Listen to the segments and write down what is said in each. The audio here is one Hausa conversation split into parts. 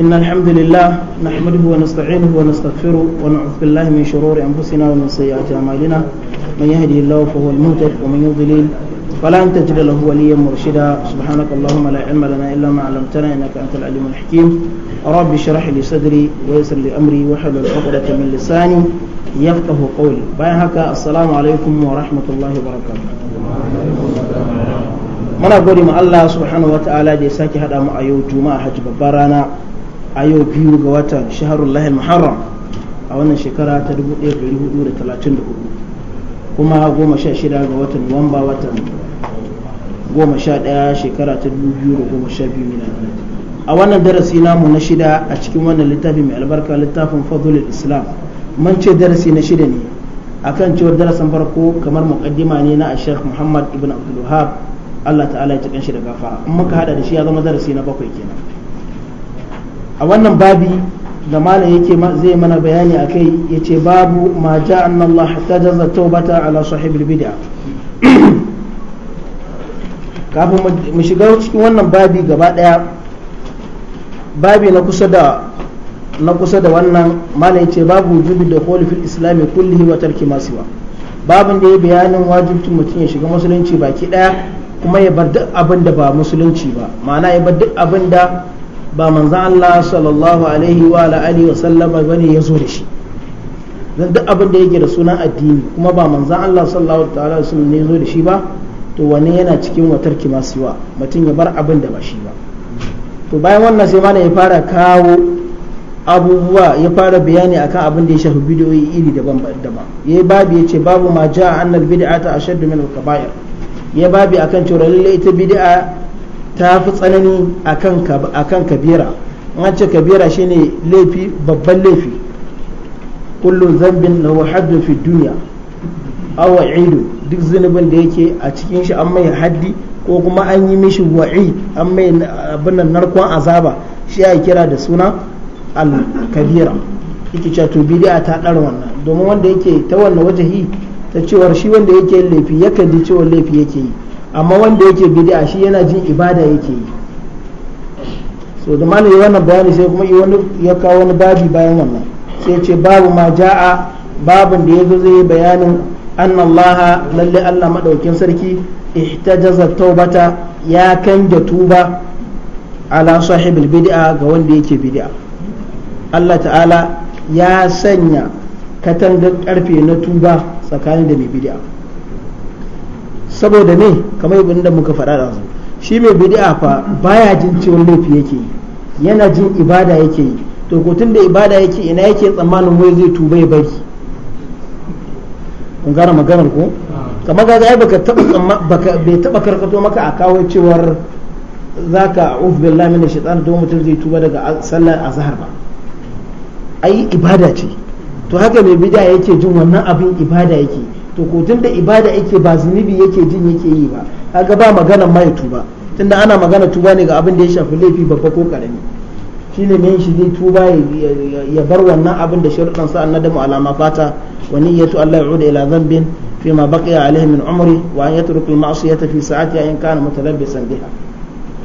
إن الحمد لله نحمده ونستعينه ونستغفره ونعوذ بالله من شرور أنفسنا ومن سيئات أعمالنا من يهدي الله فهو المهتد ومن يضلل فلا تجد له وليا مرشدا سبحانك اللهم لا علم لنا إلا ما علمتنا إنك أنت العليم الحكيم رب اشرح لي صدري ويسر لي أمري واحلل عقدة من لساني يفقه قولي باي هكا السلام عليكم ورحمة الله وبركاته muna gode ma Allah subhanahu wataala da ya sake hada mu a yau juma'a hajji babbar rana a yau biyu ga watan shaharun lahil muharram a wannan shekara ta 1434 kuma goma sha shida ga watan nuwamba watan goma sha daya shekara ta 2012 a wannan darasi namu na shida a cikin wannan littafi mai albarka littafin fadlul islam mun ce darasi na shida ne akan cewar darasin farko kamar muqaddima ne na Sheikh Muhammad ibn Abdul Wahhab Allah ta'ala ya kan shi da gafara in muka hada da shi ya zama darasi na bakwai kenan a wannan babi da mala yake zai mana bayani a kai ya ce babu ma ja Allah ta jaza taubata ala sahibul bid'a kafin mu shiga cikin wannan babi gaba daya babi na kusa da na kusa da wannan malam yace babu wujubi da qawli fil islami kullihi wa tarki ma siwa babin da ya bayanin wajibcin mutum ya shiga musulunci baki daya kuma ya bar duk abin da ba musulunci ba ma'ana ya bar duk abin da ba manzan Allah sallallahu alaihi wa alihi wa sallama bane ya zo da shi dan duk abin da yake da sunan addini kuma ba manzan Allah sallallahu ta'ala alaihi ne ya zo da shi ba to wani yana cikin watar kimasiwa mutum ya bar abin da ba shi ba to bayan wannan sai mana ya fara kawo abubuwa ya fara bayani akan abin da ya shafi bidiyoyi iri daban-daban ya babu ya ce babu ma ja'a annal bid'ata ashaddu min al-kaba'ir ya babu akan cewa lalle ita bid'a ta fi tsanani kan kabira an ce kabira shine laifi babban laifi kullum zambin na haddun fi duniya awa ido duk zunubin da yake a cikin shi an mai haddi ko kuma an yi mishi wa'i an mai abin narkon azaba shi ya kira da suna al-kabira yake cewa to bid'a ta dar wannan domin wanda yake ta wannan wajahi ta cewar shi wanda yake laifi yakan ji cewa laifi yake yi amma wanda yake bid'a shi yana jin ibada yake yi so da yi wannan bayani sai kuma ya kawo wani babi bayan wannan sai ce babu ma ja'a babin da yazo zai bayanin anna allaha lalle Allah madaukin sarki ihtajaza taubata ya kanja tuba ala sahibul bid'a ga wanda yake bid'a Allah ta'ala ya sanya katangar karfe na tuba tsakanin da mai bid'a saboda me kamar ibn da muka faɗa da shi mai bid'a fa baya jin ciwon laifi yake yi yana jin ibada yake yi to ko tunda ibada yake ina yake tsammanin wai zai tuba ya bari kun gane maganar ko kamar ga ai baka taba baka bai taba karkato maka a kawo cewar zaka a'udhu billahi minash shaitanir don mutum zai tuba daga sallar azhar ba ai ibada ce to haka mai bid'a yake jin wannan abin ibada yake to ko tunda ibada yake ba zunubi yake jin yake yi ba kaga ba magana mai tuba tunda ana magana tuba ne ga abin da ya shafi laifi babba ko karami shine ne shi zai tuba ya bar wannan abin da sharuɗan sa mu alama fata wa niyyatu Allah ya'uda ila dhanbin fi ma baqiya alaihi min umri wa an yatruku al-ma'siyata fi sa'ati in kana mutalabbisan biha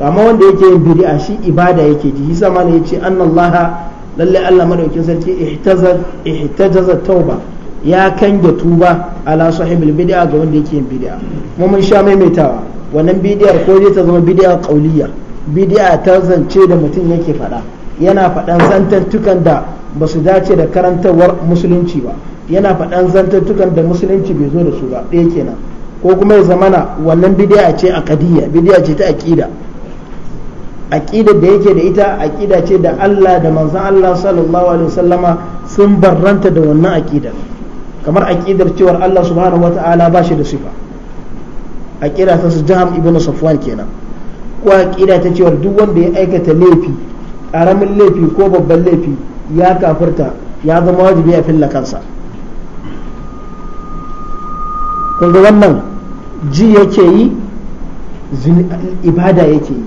to amma wanda yake yin bid'a shi ibada yake ji shi sama ne yace annallaha lalle Allah madaukin sarki ihtaza ihtajaza tauba ya da tuba ala sahibul bid'a ga wanda yake yin bid'a mu mun sha maimaitawa wannan bid'a ko dai ta zama bid'a qauliyya bid'a ta zance da mutum yake faɗa yana faɗan zantattukan da ba su dace da karantarwar musulunci ba yana faɗan zantattukan da musulunci bai zo da su ba ɗaya kenan ko kuma ya zamana wannan bid'a ce aqdiyya bid'a ce ta aqida aqidar da yake da ita aqida ce da Allah da manzon Allah sallallahu alaihi wasallama sun barranta da wannan aqidar kamar aqidar cewar Allah subhanahu wata'ala ba shi da sifa aqida ta Jaham ibn Safwan kenan ko aqida ta cewar duk wanda ya aikata laifi karamin laifi ko babban laifi ya kafirta ya zama wajibi a filla kansa kun wannan ji yake yi ibada yake yi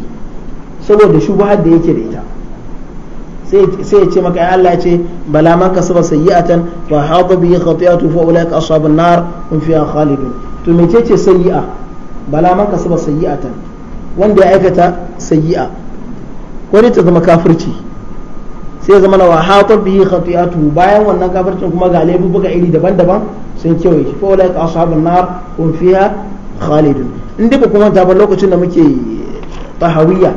saboda shubuhar da yake da ita sai ya ce maka ya Allah ya ce bala man kasaba sayyi'atan fa hada bi khati'atu fa ulaika ashabun nar hum fiha khalidun to mecece sayyi'a bala man kasaba sayyi'atan wanda ya aikata sayyi'a ko ne ta zama kafirci sai zama wa hada bi khati'atu bayan wannan kafircin kuma ga buga iri daban-daban sun kewaye shi fa ulaika ashabun nar hum fiha khalidun in duka kuma ta ba lokacin da muke tahawiyya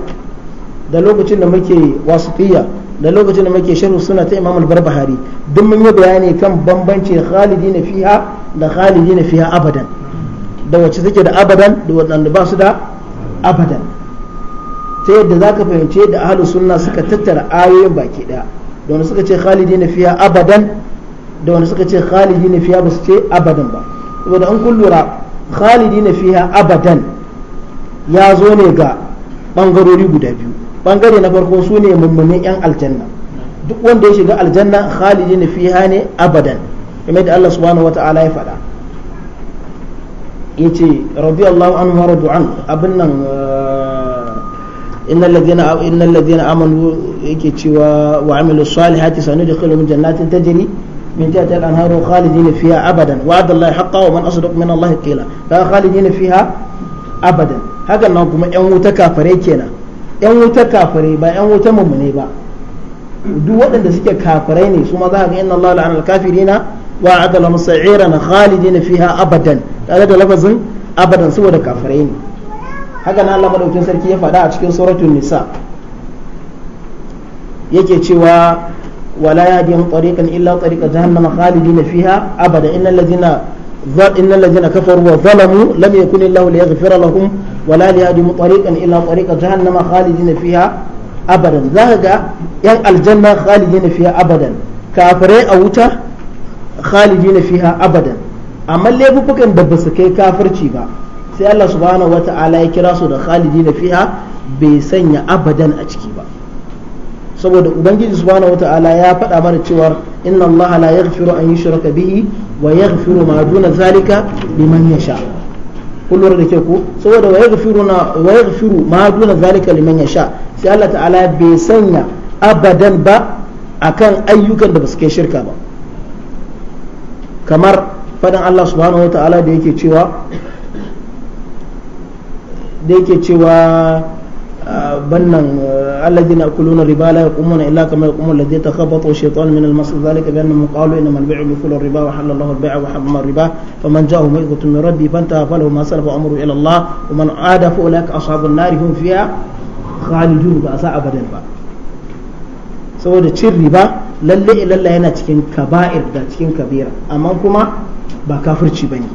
da lokacin da muke wasitiyya da lokacin da muke sharhu suna ta imam al-barbahari duk mun yi bayani kan bambanci khalidina fiha da khalidina fiha abadan da wacce take da abadan da wadanda ba su da abadan ta yadda zaka fahimci yadda ahlus sunna suka tattara ayoyin baki daya da wanda suka ce khalidina fiha abadan da wanda suka ce khalidina fiha ba su ce abadan ba saboda an kun lura khalidina fiha abadan ya zo ne ga bangarori guda biyu bangare na farko su ne mummunin yan aljanna duk wanda ya shiga aljanna ne fiha ne abadan kamar da Allah subhanahu ta'ala ya faɗa yace radiyallahu anhu wa radu an abin nan eh, innal ladina innal ladina amanu yake cewa wa amilu salihati sanudkhiluhum jannatin tajri من تحت الأنهار Allah haqqan wa man asdaq min Allah qila fa khalidin fiha abadan haka nan kuma yan wuta kafare kenan yan wuta kafirai ba yan wutar mummune ba duk waɗanda suke kafirai ne su ma za ka ga inna Allah la'ana al-kafirina wa adala na khalidin fiha abadan tare da lafazin abadan saboda kafirai ne haka na Allah madaukin sarki ya faɗa a cikin suratul nisa yake cewa wala yahdihim tariqan illa tariqa jahannam khalidin fiha abada innal ladhina إن الذين كفروا وظلموا لم يكن الله ليغفر لهم ولا ليهدهم طريقا إلا طريق جهنم خالدين فيها أبدا ذاك ين الجنة خالدين فيها أبدا كافرين أو خالدين فيها أبدا amma laifukan da ba su kai kafirci ba sai Allah subhanahu wata'ala ya kira su da khalidi da fiha bai sanya abadan a ciki saboda ubangiji subhanahu wataala ya faɗa mana cewa inna allaha la yaghfiru an yushraka bihi wa yaghfiru ma duna zalika liman yasha kullum da ke ku saboda wa yaghfiru na wa yaghfiru ma duna zalika liman yasha sai Allah ta'ala bai sanya abadan ba akan ayyukan da ba su kai shirka ba kamar fadan Allah subhanahu wataala da yake cewa da yake cewa bannan eh, alladhina yakuluna riba la yaqumuna illa kama yaqumu alladhi takhabbathu shaytan min al-mas dhalika bi annahum qalu inma al-bay'u mithlu riba wa halala Allahu al-bay'a wa harrama riba faman ja'ahu maw'izatun min rabbi fantaha falahu ma salafa amru ila Allah wa man 'ada fa ulaika ashabun nar hum fiha khalidun ba sa abadan ba saboda cin riba lalle ilalla yana cikin kaba'ir da cikin kabira amma kuma ba kafirci bane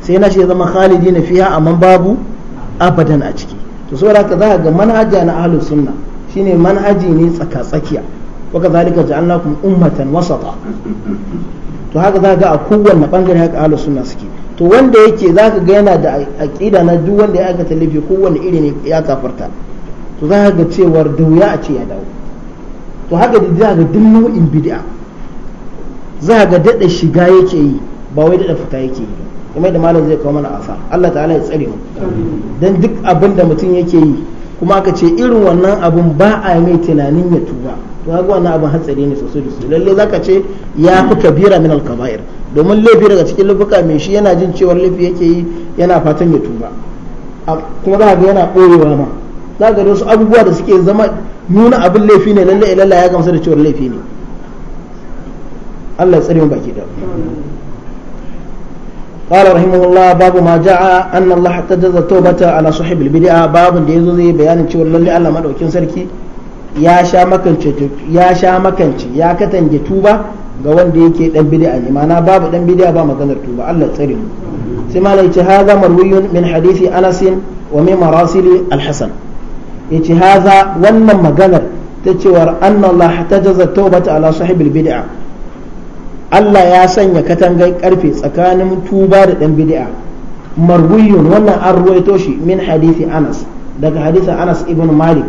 sai na ce zama khalidi na fiya amma babu abadan a ciki to saboda haka za ga manhaja na ahlus sunna shine manhaji ne tsaka-tsakiya waka zalika ja'alnakum ummatan wasata to haka za ga a kowanne bangare haka ahlus sunna suke to wanda yake za ka ga yana da aqida na duk wanda ya aikata laifi kowanne iri ne ya kafarta to za ga cewar da wuya a ce ya dawo to haka da za ga duk nau'in bid'a za ga dada shiga yake yi ba wai dada fita yake yi kuma da malam zai kawo mana afa Allah ta'ala ya tsare mu dan duk abin da mutum yake yi kuma aka ce irin wannan abin ba a mai tunanin ya tuba to kaga wannan abin hatsari ne sosai da sosai lalle zaka ce ya fi kabira min al-kaba'ir domin laifi daga cikin lubuka mai shi yana jin cewa laifi yake yi yana fatan ya tuba kuma za ga yana ɓoyewa ma za ga wasu abubuwa da suke zama nuna abin laifi ne lalle ilalla ya gamsu da cewa laifi ne Allah ya tsare mu baki da قال رحمه الله باب ما جاء أن الله حدد التوبة على صاحب البدعة باب da yazo zai bayanin cewa lalle Allah madaukin sarki ya sha makance ya sha makance tuba ga wanda yake dan bid'a ne ma'ana babu dan bid'a ba maganar tuba Allah tsare mu sai malai yace hadha marwiyun min hadisi Anas wa min marasili al-Hasan yace hadha wannan maganar ta cewar anna Allah tawbata ala sahibil bid'a Allah ya sanya katangar karfe tsakanin tuba da dan bid'a marwiyun wannan an ruwaito shi min hadithi Anas daga hadithin Anas ibn Malik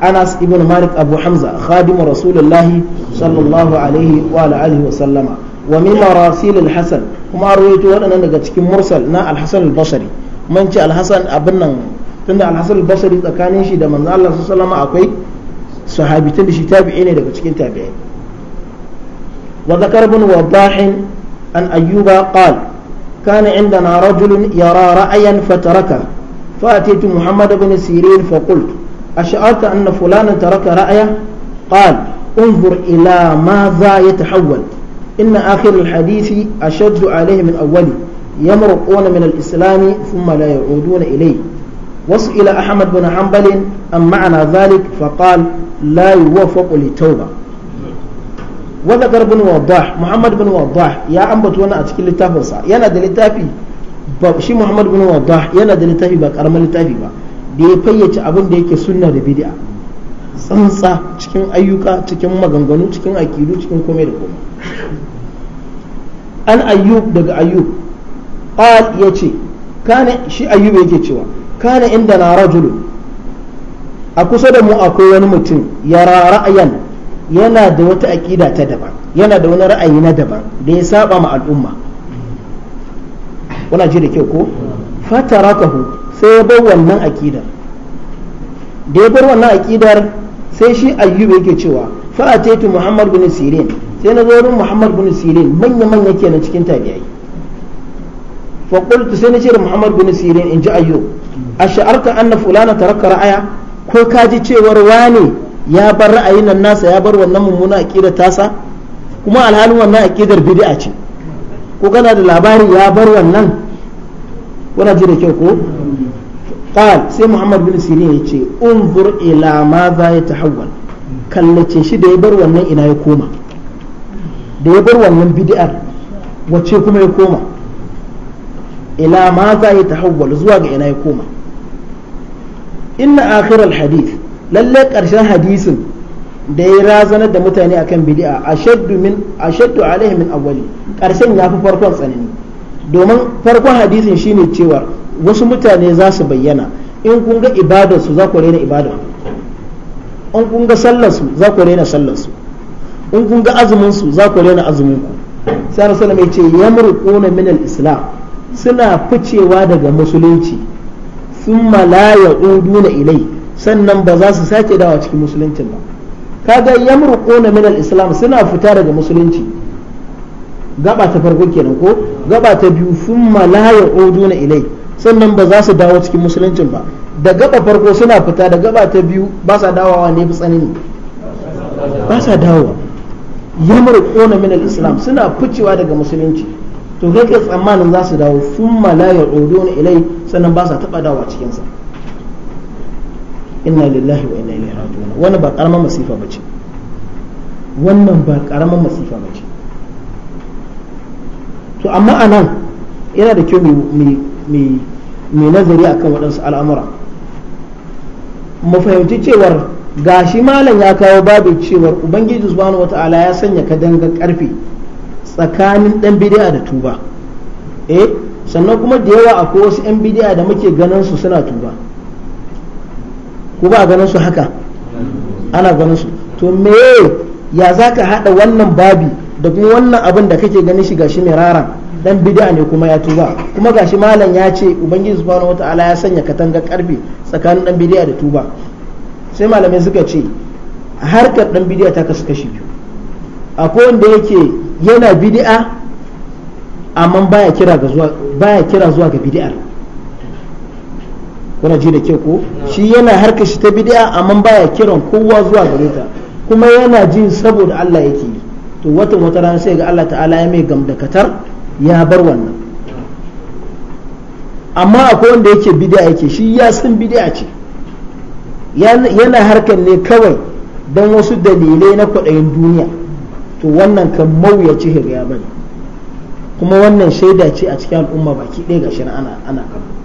Anas ibn Malik Abu Hamza khadimu rasulullahi sallallahu alaihi wa alihi wa sallama wa min marasil al-Hasan kuma an ruwaito waɗannan daga cikin mursal na al-Hasan al-Basri mun ce al-Hasan abin nan tunda al-Hasan al-Basri tsakanin shi da manzo Allah sallallahu alaihi wa sallama akwai sahabitan da shi tabi'i ne daga cikin tabi'i وذكر ابن وضاح عن أيوب قال كان عندنا رجل يرى رأيا فتركه فأتيت محمد بن سيرين فقلت أشعرت أن فلانا ترك رأيه قال انظر إلى ماذا يتحول إن آخر الحديث أشد عليه من أوله يمرقون من الإسلام ثم لا يعودون إليه وسئل أحمد بن حنبل عن معنى ذلك فقال لا يوفق للتوبة wanda garbin waddah muhammad bin waddah ya ambata wani a cikin littafinsa yana da littafi shi muhammad bin waddah yana da littafi ba karamin littafi ba da ya fayyace abin da yake sunna da bid'a tsantsa cikin ayyuka cikin maganganu cikin akidu cikin komai da komai an ayyub daga ayyub ya ce kane shi ayyub yake cewa kane inda na rajulu a kusa da mu akwai wani mutum yara ra'ayan yana da wata aƙida ta daban yana da wani ra'ayi na daban da ya saba ma al'umma wana ji da kyau ko hu sai ya bar wannan aƙidar da ya bar wannan aƙidar sai shi ayyuba yake cewa fa'ataitu muhammad bin sirin sai na zo muhammad bin sirin manya manya kenan cikin tabi'ai fa qultu sai na ce muhammad bin sirin in ji ayyub ash'arta anna fulana taraka ra'aya ko ka ji cewar wane ya bar ra'ayin nan nasa ya bar wannan mummuna aqidar tasa kuma alhalin wannan aqidar bid'a ce ko kana da labari ya bar wannan kuna ji da kyau ko qal sai muhammad bin sirin ya ce unzur ila ma za ya tahawwal kallace shi da ya bar wannan ina ya koma da ya bar wannan bid'ar wacce kuma ya koma ila ma za ya tahawwal zuwa ga ina ya koma inna akhir al hadith lalle ƙarshen hadisin da ya razanar da mutane akan bid'a ashaddu min shaddu alaihi min awwali ƙarshen ya fi farkon tsanani domin farkon hadisin shine cewa wasu mutane za su bayyana in kun ga ibadar su za ku rena ibadar in kun ga sallar su za ku rena sallar su in kun ga azumin su za ku rena azumin ku sai Rasul mai ce yamruquna min al-islam suna ficewa daga musulunci thumma la ya'uduna ilai sannan ba za su sake dawa cikin musuluncin ba kaga yamruquna kona minal islam suna fita daga musulunci gaba ta farko kenan ko gaba ta biyu thumma la na ilai sannan ba za su dawo cikin musuluncin ba da gaba farko suna fita da gaba ta biyu ba sa dawowa ne fi tsanani ba sa dawo yamruquna kona minal islam suna ficewa daga musulunci to kai tsammanin za su dawo thumma la na ilai sannan ba sa taba dawowa cikin sa inna lillahi wa inna ilaihi raji'un wannan ba karamar masifa bace wannan ba karamar masifa bace to amma anan yana da kyau mai nazari akan waɗansu al'amura mu fahimci cewar gashi malam ya kawo babu cewar ubangiji subhanahu wata'ala ya sanya ka danga karfe tsakanin dan bid'a da tuba eh sannan kuma da yawa akwai wasu yan bid'a da muke ganin su suna tuba ko ba ganin su haka ana ganin su to me ya za ka haɗa wannan babi da kuma wannan abin da kake ganin shi gashi mai rara dan bid'a ne kuma ya tuba kuma gashi malam ya ce ubangiji subhanahu wataala ya sanya katangar karfe tsakanin dan bid'a da tuba sai malamai suka ce harkar dan bid'a ta kasu kashi biyu akwai wanda yake yana bid'a amma baya kira zuwa baya kira zuwa ga bid'ar kuna ji da kyau ko shi yana harka shi ta bid'a amma baya kiran kowa zuwa gare ta kuma yana jin saboda Allah yake to wata wata rana sai ga Allah ta'ala ya mai gamdakatar ya bar wannan amma akwai wanda yake bid'a yake shi ya san bid'a ce yana harkar ne kawai don wasu dalilai na kwaɗayin duniya to wannan kan mawuyaci hirya bane kuma wannan shaida ce a cikin al'umma baki ɗaya ga shi ana ana kama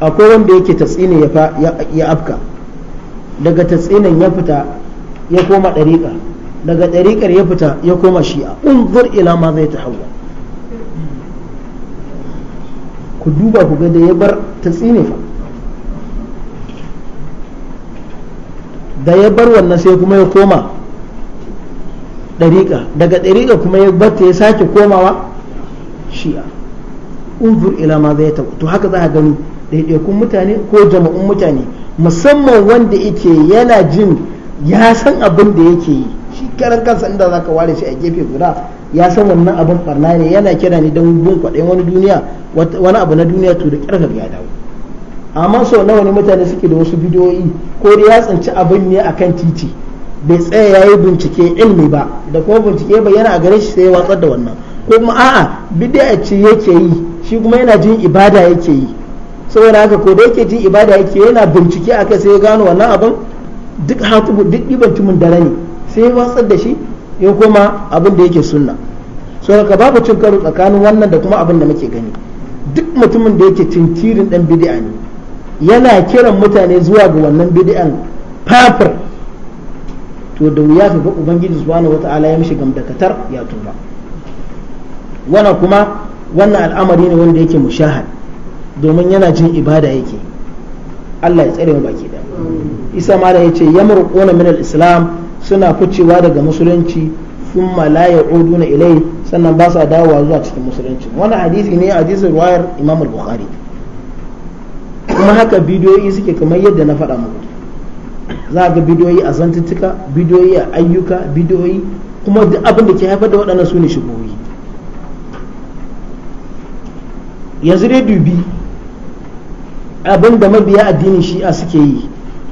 akwai wanda yake tatsini ya afka daga tatsinin ya fita ya koma ɗariƙa daga ɗariƙar ya fita ya koma shi'a unzur ila ma zai ta hawa ku duba ku ga da ya bar tatsini fa da ya bar wannan sai kuma ya koma ɗariƙa daga ɗariƙa kuma ya ta ya sake komawa shi'a unzur ila ma zai ta to haka za a gani ɗaiɗaikun mutane ko jama'un mutane musamman wanda yake yana jin ya san abin da yake yi shi karan kansa inda za ka ware shi a gefe guda ya san wannan abin barna ne yana kira ne don bin kwaɗayin wani duniya wani abu na duniya to da ƙarfa ya dawo amma sau na wani mutane suke da wasu bidiyoyi ko da ya tsinci abin ne akan titi bai tsaya ya yi bincike ilmi ba da kuma bincike yana a gare shi sai ya watsar da wannan ko kuma a'a bidiya ce yake yi shi kuma yana jin ibada yake yi saboda haka ko da yake ji ibada yake yana bincike akai sai ya gano wannan abin duk hatubu duk ɗiban tumin dare ne sai ya watsar da shi ya koma abin da yake sunna saboda ka babu cin karo tsakanin wannan da kuma abin da muke gani duk mutumin da yake tintirin dan bidi'a ne yana kiran mutane zuwa ga wannan bid'an fafir to da wuya ka ga ubangiji subhanahu wata'ala ya mishi gamdakatar ya tuba wannan kuma wannan al'amari ne wanda yake mushahad domin yana jin ibada yake Allah ya tsare mu baki da isa ma da yace yamar min al-islam suna ficewa daga musulunci sun malaya uduna ilai sannan ba sa dawowa zuwa cikin musulunci wannan hadisi ne hadisin ruwayar Imam al-Bukhari kuma haka bidiyoyi suke kamar yadda na faɗa muku za ga bidiyoyi a zantuttuka bidiyoyi a ayyuka bidiyoyi kuma duk abin da ke haifar da waɗannan su ne shigoyi yanzu dai dubi abin da mabiya addinin shi'a suke yi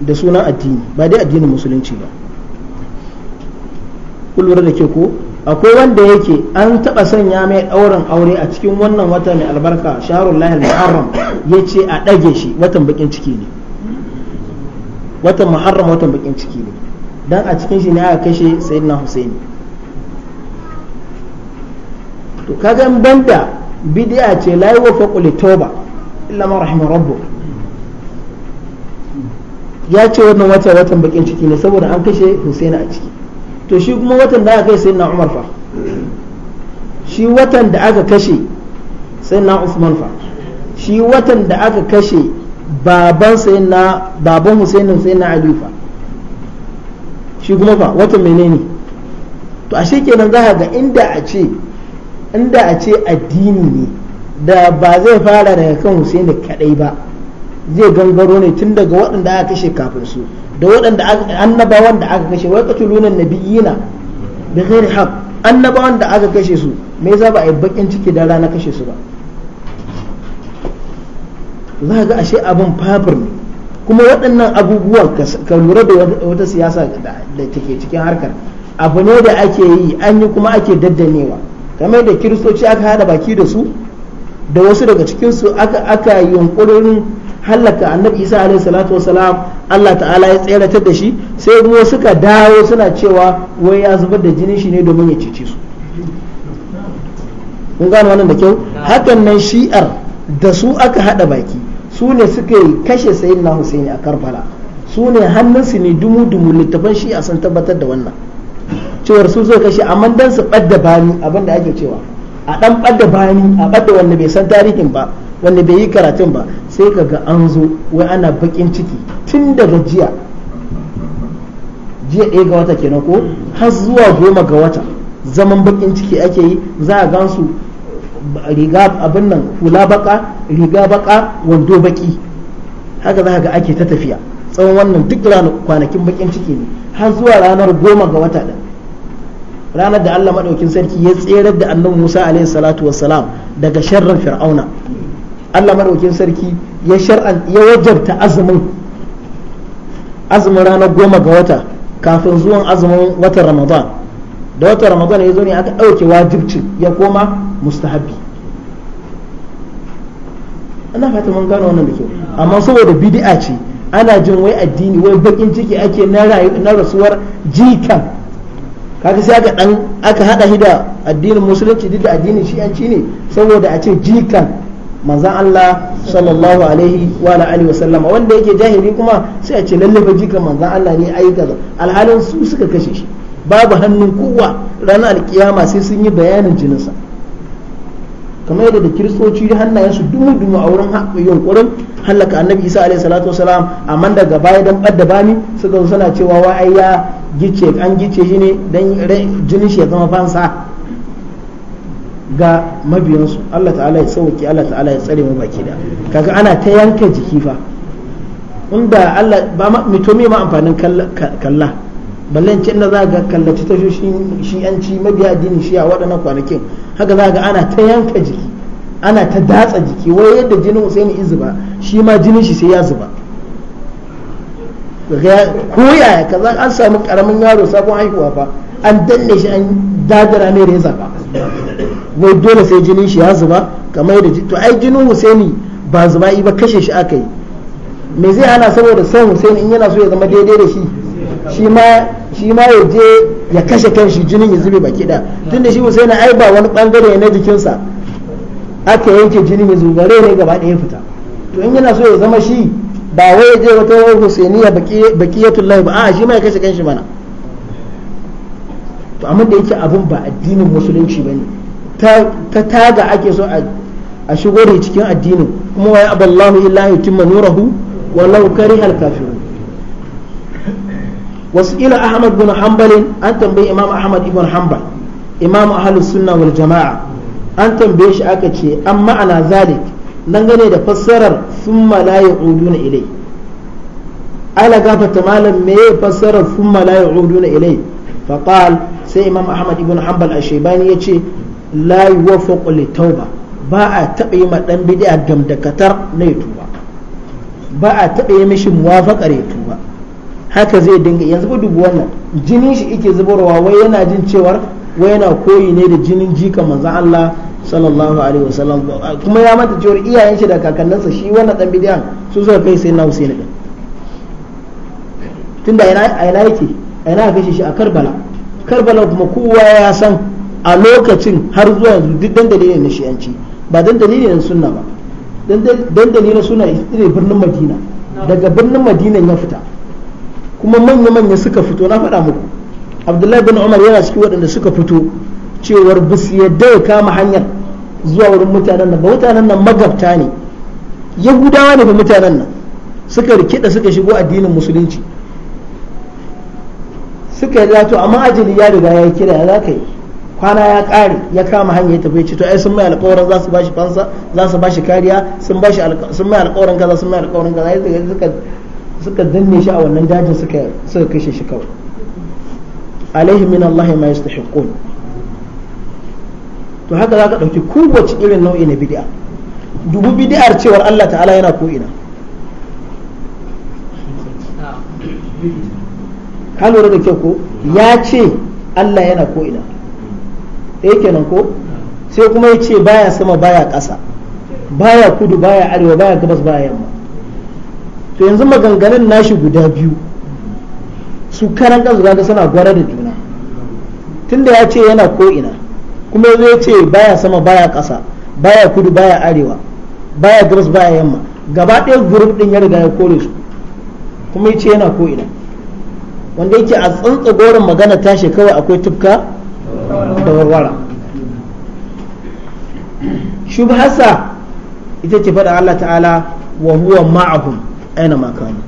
da sunan addini ba dai addinin musulunci ba lura da ke ko akwai wanda yake an taɓa sanya mai ɗaurin aure a cikin wannan wata mai albarka shaharun lahil muharram ya ce a ɗage shi watan bakin ciki ne watan muharram watan bakin ciki ne don a cikin shi ne aka kashe sayyidina husaini to kagan banda bid'a ce la yuwafaqu li tauba illa ma rahimar rabu. ya ce wannan wata watan bakin ciki ne saboda an kashe Husaini a ciki to shi kuma watan da aka kai sai na Umar fa shi watan da aka kashe sai na Usman fa shi watan da aka kashe baban sai na baban Husaini sai na Ali fa shi kuma fa watan menene to ashe kenan za ga inda a ce inda a ce addini ne da ba zai fara daga kan Husaini kadai ba zai gangaro ne tun daga waɗanda aka kashe kafin su da waɗanda annabawan da aka kashe wai katuluna nabiyina da zai haq annabawan da aka kashe su me za ba a yi bakin ciki da rana kashe su ba za ga ashe abin fafir ne kuma waɗannan abubuwan ka lura da wata siyasa da take cikin harkar abu ne da ake yi an yi kuma ake daddanewa kamar da kiristoci aka hada baki da su da wasu daga cikinsu aka yi yunkurin hallaka annabi isa alaihi salatu wasalam Allah ta'ala ya tseratar da shi sai kuma suka dawo suna cewa wai ya zubar da jinin shi ne domin ya cece su kun gano wannan da kyau hakan nan shi'ar da su aka hada baki su ne suka kashe sayyidina husaini a karbala su ne hannun su ne dumu-dumu littafan shi a sun tabbatar da wannan cewar su zai kashe amma dan su bada bani abin da ake cewa a dan bada bani a bada wanda bai san tarihin ba wanda bai yi karatun ba sai ga an zo wai ana bakin ciki tun daga jiya jiya ɗaya ga wata kenan ko har zuwa goma ga wata zaman bakin ciki ake yi za a gansu riga abin nan hula baka riga baka wando baki haka za ga ake ta tafiya tsawon wannan duk kwanakin bakin ciki ne har zuwa ranar goma ga wata ɗin ranar da Allah maɗaukin sarki ya tserar da annabi Musa alaihi salatu wassalam daga sharrin fir'auna Allah madaukin sarki ya shar'an ya wajabta azumin azumin ranar goma ga wata kafin zuwan azumin watan ramadan da watan ramadan ya zo ne aka ɗauke wajibci ya koma mustahabi ana fata mun gano wannan da kyau amma saboda bid'a ce ana jin wai addini wai bakin ciki ake na rasuwar jikan kaga sai aka dan aka hada hida addinin musulunci duk da addinin shi'anci ne saboda a ce jikan manzan Allah sallallahu alaihi wa alihi wa sallama wanda yake jahili kuma sai a ce lalle ba jika manzan Allah ne ayi kaza alhalin su suka kashe shi babu hannun kowa ranar alkiyama sai sun yi bayanin jininsa kamar yadda da kiristoci hannayen su dumu dumu a wurin yunkurin hallaka annabi isa alaihi salatu wasalam amma daga baya dan badda bani suka zo suna cewa wa ayya gice an gice shi ne dan jinin shi ya zama fansa ga mabiyansu Allah ta'ala ya sauki Allah ta'ala ya tsare mu baki da kaga ana ta yanka jiki fa inda Allah ba mito me ma amfanin kalla ballan ce inda za ga kallaci ta shi yanci mabiya addini shi a waɗannan kwanakin haka za ga ana ta yanka jiki ana ta datsa jiki wai yadda jinin Usaini izuba shi ma jinin shi sai ya zuba ko yaya kaza an samu karamin yaro sabon haihuwa fa an danne shi an dadara mai reza ba. wai dole sai jinin shi ya zuba kamar da to ai jinin husaini ba zuba ba kashe shi aka yi me zai hana saboda san husaini in yana so ya zama daidai da shi shi ma shi ma ya je ya kashe kanshi jinin ya zube baki da tunda shi husaini ai ba wani bangare na jikinsa aka yanke jinin ya zuba rai ne gaba ɗaya fita to in yana so ya zama shi ba wai ya je wata wani husainiya bakiyatullahi ba a shi ma ya kashe kanshi mana to amma da yake abun ba addinin musulunci bane ta taga ake so a shigo da cikin addinin kuma wa ya aballahu illa yutimma nurahu walau karihal kafirun wasu ila ahmad bin hanbalin an tambayi imam ahmad ibn hanbal imam ahlus sunna wal jama'a an tambaye shi aka ce an ma'ana zalik gane da fassarar thumma la ya'uduna ilai ala gafata malam me fassarar thumma la ya'uduna ilai sai imam ahmad أحمد بن حنبل الشيباني yace la yuwaffaqu tauba ba a taɓa yi ma ɗan bid'a gamdakatar na ya tuba ba a taɓa yi mishi muwafaqar ya tuba haka zai dinga yanzu ba dubu wannan jinin shi yake zubarwa wai yana jin cewar wai yana koyi ne da jinin jika manzon Allah sallallahu alaihi wasallam kuma ya mata cewar iyayen shi da kakanninsa shi wannan dan bid'a su suka kai sai na Husaini din tunda ina ina yake ina kashe shi a Karbala Karbala kuma kowa ya san a lokacin har zuwa yanzu duk dan dalilin na shi'anci ba dan dalilin na sunna ba dan dalilin na sunna ne birnin madina daga birnin madina ya fita kuma manya-manya suka fito na faɗa muku abdullahi bin umar yana cikin waɗanda suka fito cewar ba su yadda ya kama hanyar zuwa wurin mutanen nan ba mutanen nan magabta ne gudawa ne ba mutanen nan suka rikida suka shigo addinin musulunci suka yi zato amma ajali ya riga ya yi kira ya za ka yi kwana ya kare ya kama hanyar tafi ya ce to ai sun mai alƙawarin za su ba shi fansa za su ba shi kariya sun ba shi sun mai alƙawarin kaza sun mai alƙawarin kaza suka suka danne shi a wannan dajin suka suka kashe shi kawai alaihi min Allah ma yastahiqun to haka za ka ɗauki kowace irin nau'i na bid'a dubu bid'ar cewar Allah ta'ala yana ko ina ka lura da kyau ko ya ce Allah yana ko ina ɗaya kenan ko sai kuma ya ce baya sama baya ƙasa baya kudu baya arewa baya gabas baya yamma to yanzu maganganun nashi guda biyu su karan kansu kaga suna gwara da juna tunda ya ce yana ko ina kuma yanzu ya ce baya sama baya ƙasa baya kudu baya arewa baya gabas baya yamma gaba ɗaya gurup ɗin ya riga ya kore su kuma ya ce yana ko ina wanda yake a tsantsa goron magana ta kawai akwai tufka warwara shubhasa ita ce faɗin Allah ta'ala wa huwa ma'ahum aina makani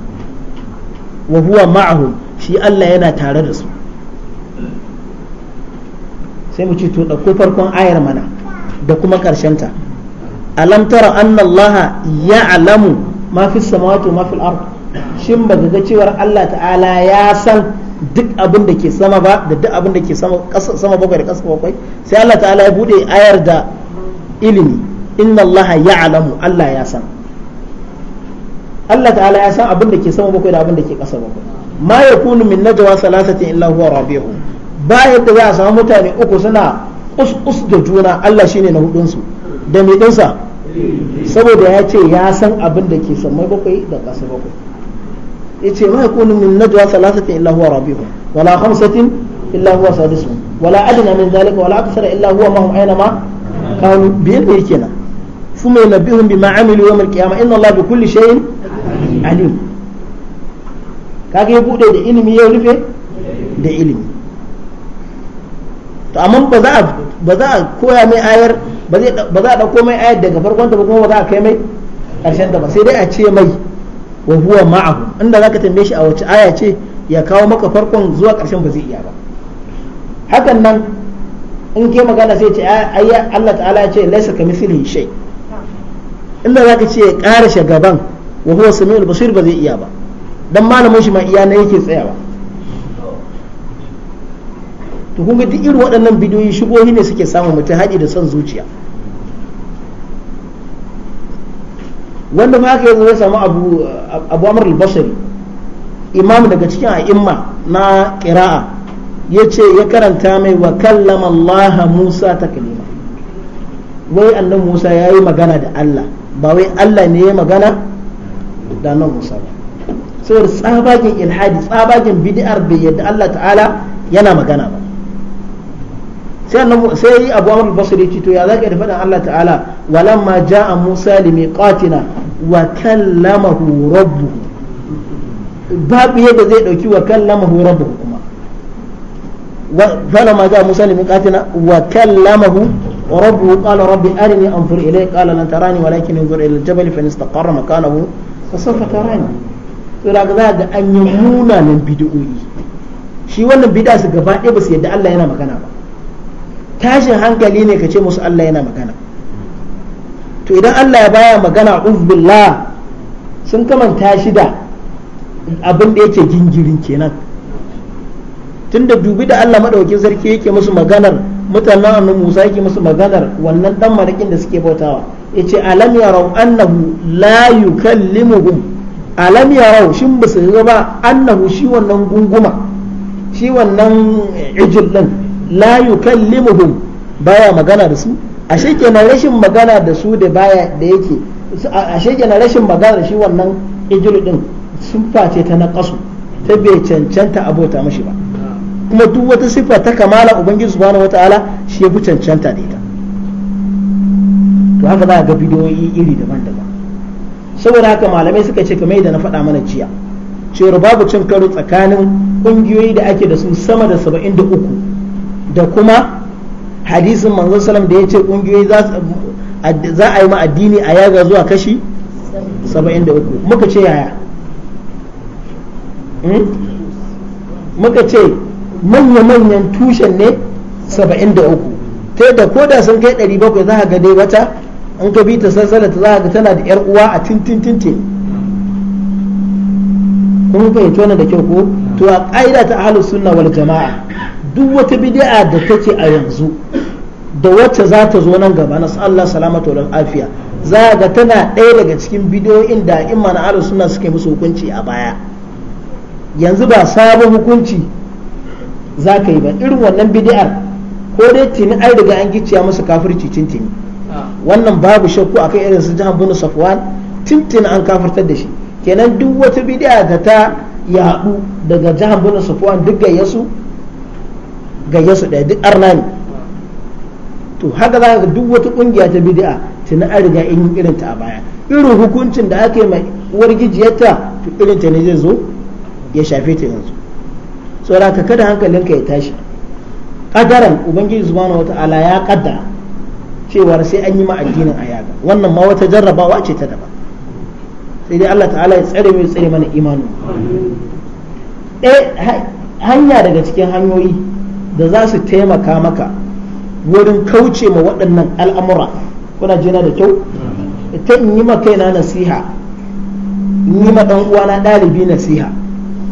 wa huwa ma'ahum shi Allah yana tare da su sai mu ci tuɗa ko farkon ayar mana da kuma ta alam tara anna allaha ya'lamu ma fi samawati ma fil ard shin baka ga cewar Allah ta'ala ya san duk abin da ke sama ba da duk abin da ke sama bakwai da ƙasa bakwai sai Allah ta'ala ya bude ayar da ilimi inna Allah alamu Allah ya san Allah ta'ala ya san abin da ke sama bakwai da abin da ke ƙasa bakwai ma kunu min najwa salasatin illa huwa rabi'uhum ba yadda za a samu mutane uku suna us da juna Allah shine na hudun su da me dinsa saboda ya ce ya san abin da ke sama bakwai da ƙasa bakwai yace ma yakunu min najwa thalathatin illa huwa rabi'uhum wala khamsatin illa huwa sadisuhum wala adna min dhalika wala akthara illa huwa mahum aina ma kanu biyan ne kenan ثم ينبئهم بما عملوا يوم القيامة إن الله بكل شيء عليم kaga ya bude da ilimi ya rufe da ilimi to amma ba za a ba za a koya mai ayar ba za a dauko mai ayar daga farkon ta ba kuma ba za a kai mai karshen ta ba sai dai a ce mai wa huwa ma'ahu inda zaka tambaye shi a wace aya ce ya kawo maka farkon zuwa karshen ba zai iya ba hakan nan in ke magana sai ce ayya Allah ta'ala ya ce laisa kamithlihi shay inda zaka ce ya shi gaban wa huwa samiul basir ba zai iya ba dan malamin shi ma iya na yake tsayawa to kun ga duk irin waɗannan bidiyoyi shigohi ne suke samun mutum haɗi da son zuciya wanda ma aka yi zai samu abu amur albashari al imam daga cikin a'imma na ya ce ya karanta mai wa kallama Allah Musa kalima wai annan Musa ya yi magana da Allah ba wai Allah ne ya magana da annan Musa ba saboda tsabagen ilhadi tsabagen bid'ar bai yadda Allah ta'ala yana magana ba sai annabi sai Abu al-Basri cito ya zaka da faɗin Allah ta'ala walamma Musa wa babu yadda zai ɗauki wa kallamahu rabbuhu kuma falamma ja'a Musa limiqatina wa wannan su gaba ɗaya ba su yadda Allah yana magana ba tashin hankali ne ka ce musu Allah yana magana to idan Allah ya baya magana uzbillah sun kamanta shi da abin da yake gingirin kenan tunda dubi da Allah madaukin sarki yake musu maganar mutanen annabi Musa yake musu maganar wannan dan marakin da suke bautawa yace alam yarau annahu la yukallimuhum alam yarau shin ba su ga ba annahu shi wannan gunguma shi wannan ijil din la yukallimuhum baya magana da su ashe kenan rashin magana da su da baya da yake ashe kenan rashin magana da shi wannan ijil din sun face ta na kasu ta bai cancanta abota mashi ba kuma duk wata siffa ta kamala ubangiji subhanahu wataala shi ya fi cancanta da ita to haka za ga bidiyoyi iri daban-daban saboda haka malamai suka ce kamar yadda na faɗa mana jiya cewar babu cin karo tsakanin ƙungiyoyi da ake da su sama da saba'in da uku da kuma hadisin manzon salam da ya ce kungiyoyi za a yi ma addini a yaga zuwa kashi 73 muka ce yaya hmm? muka ce manya-manyan tushen ne 73 ta yadda ko da sun kai 700 za a ga dai wata in ka bi ta sassala ta za a ga tana da yar uwa a tintintintin ka fahimci wannan da kyau ko to a ƙa'ida ta ahalus sunna wal jama'a duk wata bidi'a da take a yanzu da wacce za ta zo nan gaba na Allah salamatu wal afiya za ga tana ɗaya daga cikin bidiyoyin da imma na ahlus suna suke musu hukunci a baya yanzu ba sabon hukunci za ka yi ba irin wannan bid'ar ko dai tini ai daga an gicciya musu kafirci tintini wannan babu shakku akan irin su jihar bunu safwan tintini an kafirtar da shi kenan duk wata bid'a da ta yaɗu daga Jihar bunu safwan duk gayyasu gayya su ɗaya duk arna ne to haka za ka duk wata ƙungiya ta bidia tuna an riga in irin ta a baya irin hukuncin da aka yi mai uwar gijiyarta to irin ta ne zai zo ya shafe ta yanzu saboda ka kada hankalinka ya tashi kadaran ubangiji subhanahu wata'ala ya kadda cewar sai an yi ma addinin ayaga wannan ma wata jarrabawa ce ta daban sai dai Allah ta'ala ya tsare mu tsare mana imanu eh, hanya daga cikin hanyoyi da za su taimaka maka wurin kauce ma waɗannan al'amura kuna jina da kyau ta in yi ma kaina nasiha yi ma ɗan uwana ɗalibi nasiha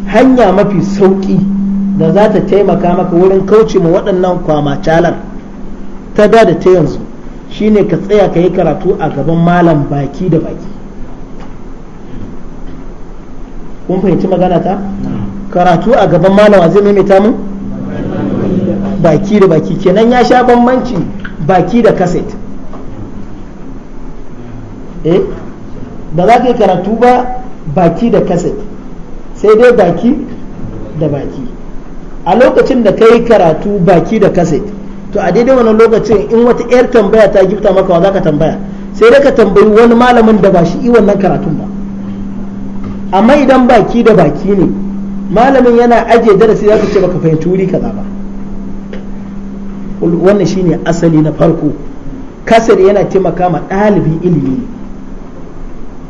hanya mafi sauƙi da za ta taimaka maka wurin kauce ma waɗannan kwama calar, ta da da ta yanzu shine ka tsaya ka yi karatu a gaban malam baki da baki kun fahimci magana ta karatu a gaban malam a zai maimaita mun baki da baki kenan ya sha bambanci baki da kaset eh ba za ka yi karatu ba baki da kaset sai dai baki da baki a lokacin da ka yi karatu baki da kaset to a daidai wani lokacin in wata 'yar tambaya ta gifta maka wa za ka tambaya sai dai ka tambayi wani malamin da ba shi yi wannan karatun ba amma idan baki da baki ne malamin yana ajiye darasi za ka ce baka fahimci wuri kaza ba wannan shine asali na farko kasar yana taimaka ma ɗalibi ilimi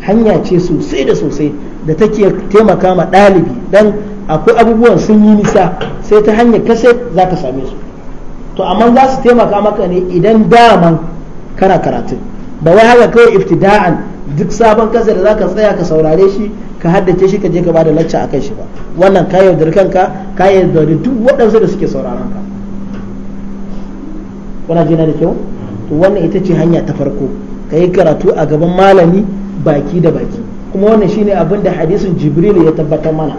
hanya ce sosai da sosai da take taimaka ma ɗalibi dan akwai abubuwan sun yi nisa sai ta hanyar kasar za ka same su to amma za su taimaka maka ne idan daman kana karatu ba wai haka kawai iftida'an duk sabon kasar da za ka tsaya ka saurare shi ka haddace shi ka je ka bada lacca akan shi ba wannan ka yaudar kanka ka yaudar duk waɗansu da suke sauraron ka kuna na da kyau to wannan ita ce hanya ta farko ka yi karatu a gaban malami baki da baki kuma wannan shine abin da hadisin jibril ya tabbatar mana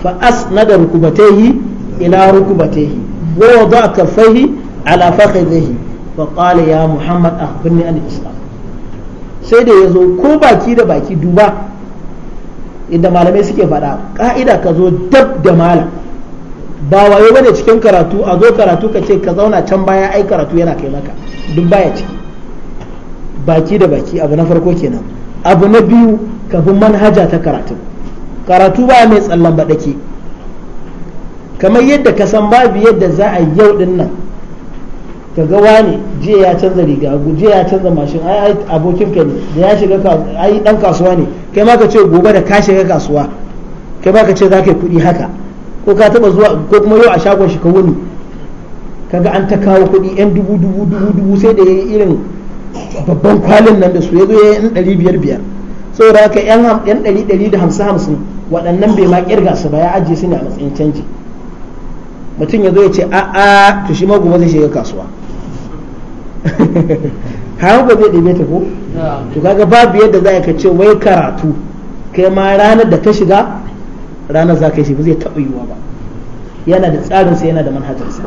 fa asnada rukubatehi ila rukubatehi wa wada kafaihi ala fakhidhihi fa qala ya muhammad akhbirni an islam sai da yazo ko baki da baki duba inda malamai suke faɗa ka'ida ka zo dab da malam ba wayo bane cikin karatu a zo karatu ka ce ka zauna can baya ai karatu yana kai maka duk baya ciki baki da baki abu na farko kenan abu na biyu ka bi manhaja ta karatu karatu ba mai tsallan baɗake kamar yadda ka san babu yadda za a yi yau din nan ka ga wani jiya ya canza riga jiya ya canza mashin ai abokin ka ne da ya shiga ai dan kasuwa ne kai ma ka ce gobe da ka shiga kasuwa kai ma ka ce za ka yi kuɗi haka ko ka taba zuwa ko kuma yau a shagon shi ka wuni kaga an ta kawo kuɗi yan dubu dubu dubu dubu sai da yayi irin babban kwalin nan da su ya zo ya yan ɗari biyar biyar saboda haka yan ɗari ɗari da hamsin hamsin waɗannan bai ma ƙirga su ba ya ajiye su ne a matsayin canji mutum ya zo ya ce a'a to shi ma gobe zai shiga kasuwa har ba zai ɗebe ta ko to kaga babu yadda za ka ce wai karatu kai ma ranar da ka shiga ranar za ka yi shi ba zai taɓa yiwuwa ba yana da tsarin sa yana da manhajarsa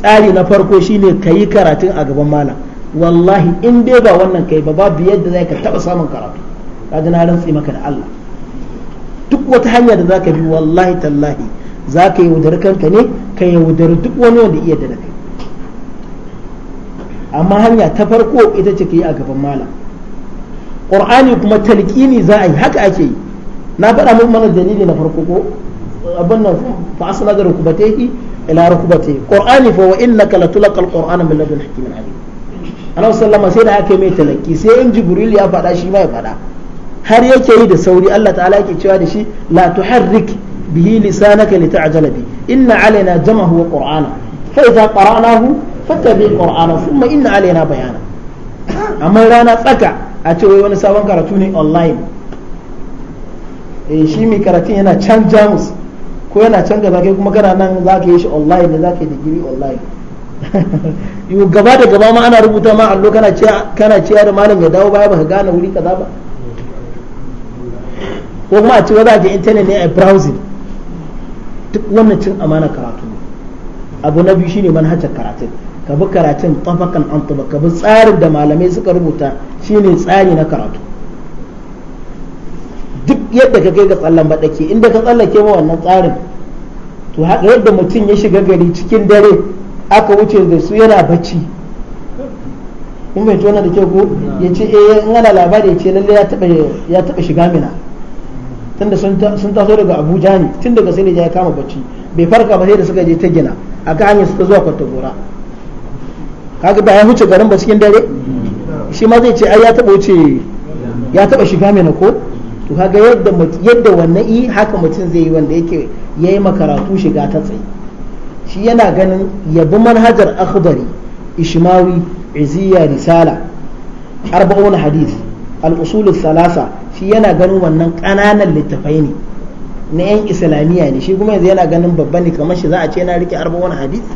tsari na farko shine ka yi karatun a gaban malam wallahi in dai ba wannan kai ba babu yadda za ka taɓa samun karatu kaga na rantsi maka da Allah duk wata hanya da za ka bi wallahi tallahi za ka yaudari kanka ne ka yaudari duk wani wanda iya da kai amma hanya ta farko ita ce ka yi a gaban malam ƙur'ani kuma talƙini za a yi haka ake yi na faɗa mun mana dalili na farko ko abin nan fa asna da rukubatehi ila rukubatehi qur'ani fa wa innaka latulqa alqur'ana min ladun hakimin alim annabi sallama sai da aka yi mai talaki sai in jibril ya faɗa shi ma ya faɗa har yake yi da sauri Allah ta'ala yake cewa da shi la tuharrik bihi lisanaka lita'jala bi inna alaina jama'ahu wa qur'ana fa idza qara'nahu fattabi qur'ana thumma inna alaina bayana amma rana tsaka a ce wai wani sabon karatu ne online eh shi mai karatun yana can jamus ko yana can gaba kai kuma kana nan za ka yi shi online ne za ka yi digiri online yau gaba da gaba ma ana rubuta ma allo kana ciya da malam ya dawo baya baka gane wuri kaza ba ko kuma a ce wa za ka internet ne a browsing duk wannan cin amana karatu abu na biyu shine manhajar karatun ka bi karatun tafakan an ka bi tsarin da malamai suka rubuta shine tsari na karatu yadda ka kai ga tsallan baɗake inda ka tsallake ma wannan tsarin to haka yadda mutum ya shiga gari cikin dare aka wuce da su yana bacci in bai tona da kyau ko ya ce eh in ana labari ya ce lalle ya taɓa shiga mina tunda sun taso daga abuja ne tun daga sai ya kama bacci bai farka ba sai da suka je ta gina a ka hanyar suka zuwa gora kaga ba ya wuce garin ba cikin dare shi ma zai ce ai ya taɓa wuce ya taɓa shiga mina ko to kaga yadda yadda wannan yi haka mutum zai yi wanda yake yayi makaratu shiga ta tsaye shi yana ganin yabi manhajar akhdari ishmawi iziya risala arba'un hadith al-usul salasa shi yana ganin wannan kananan littafai ne na yan islamiyya ne shi kuma yanzu yana ganin babba ne kamar shi za a ce na rike arba'un hadith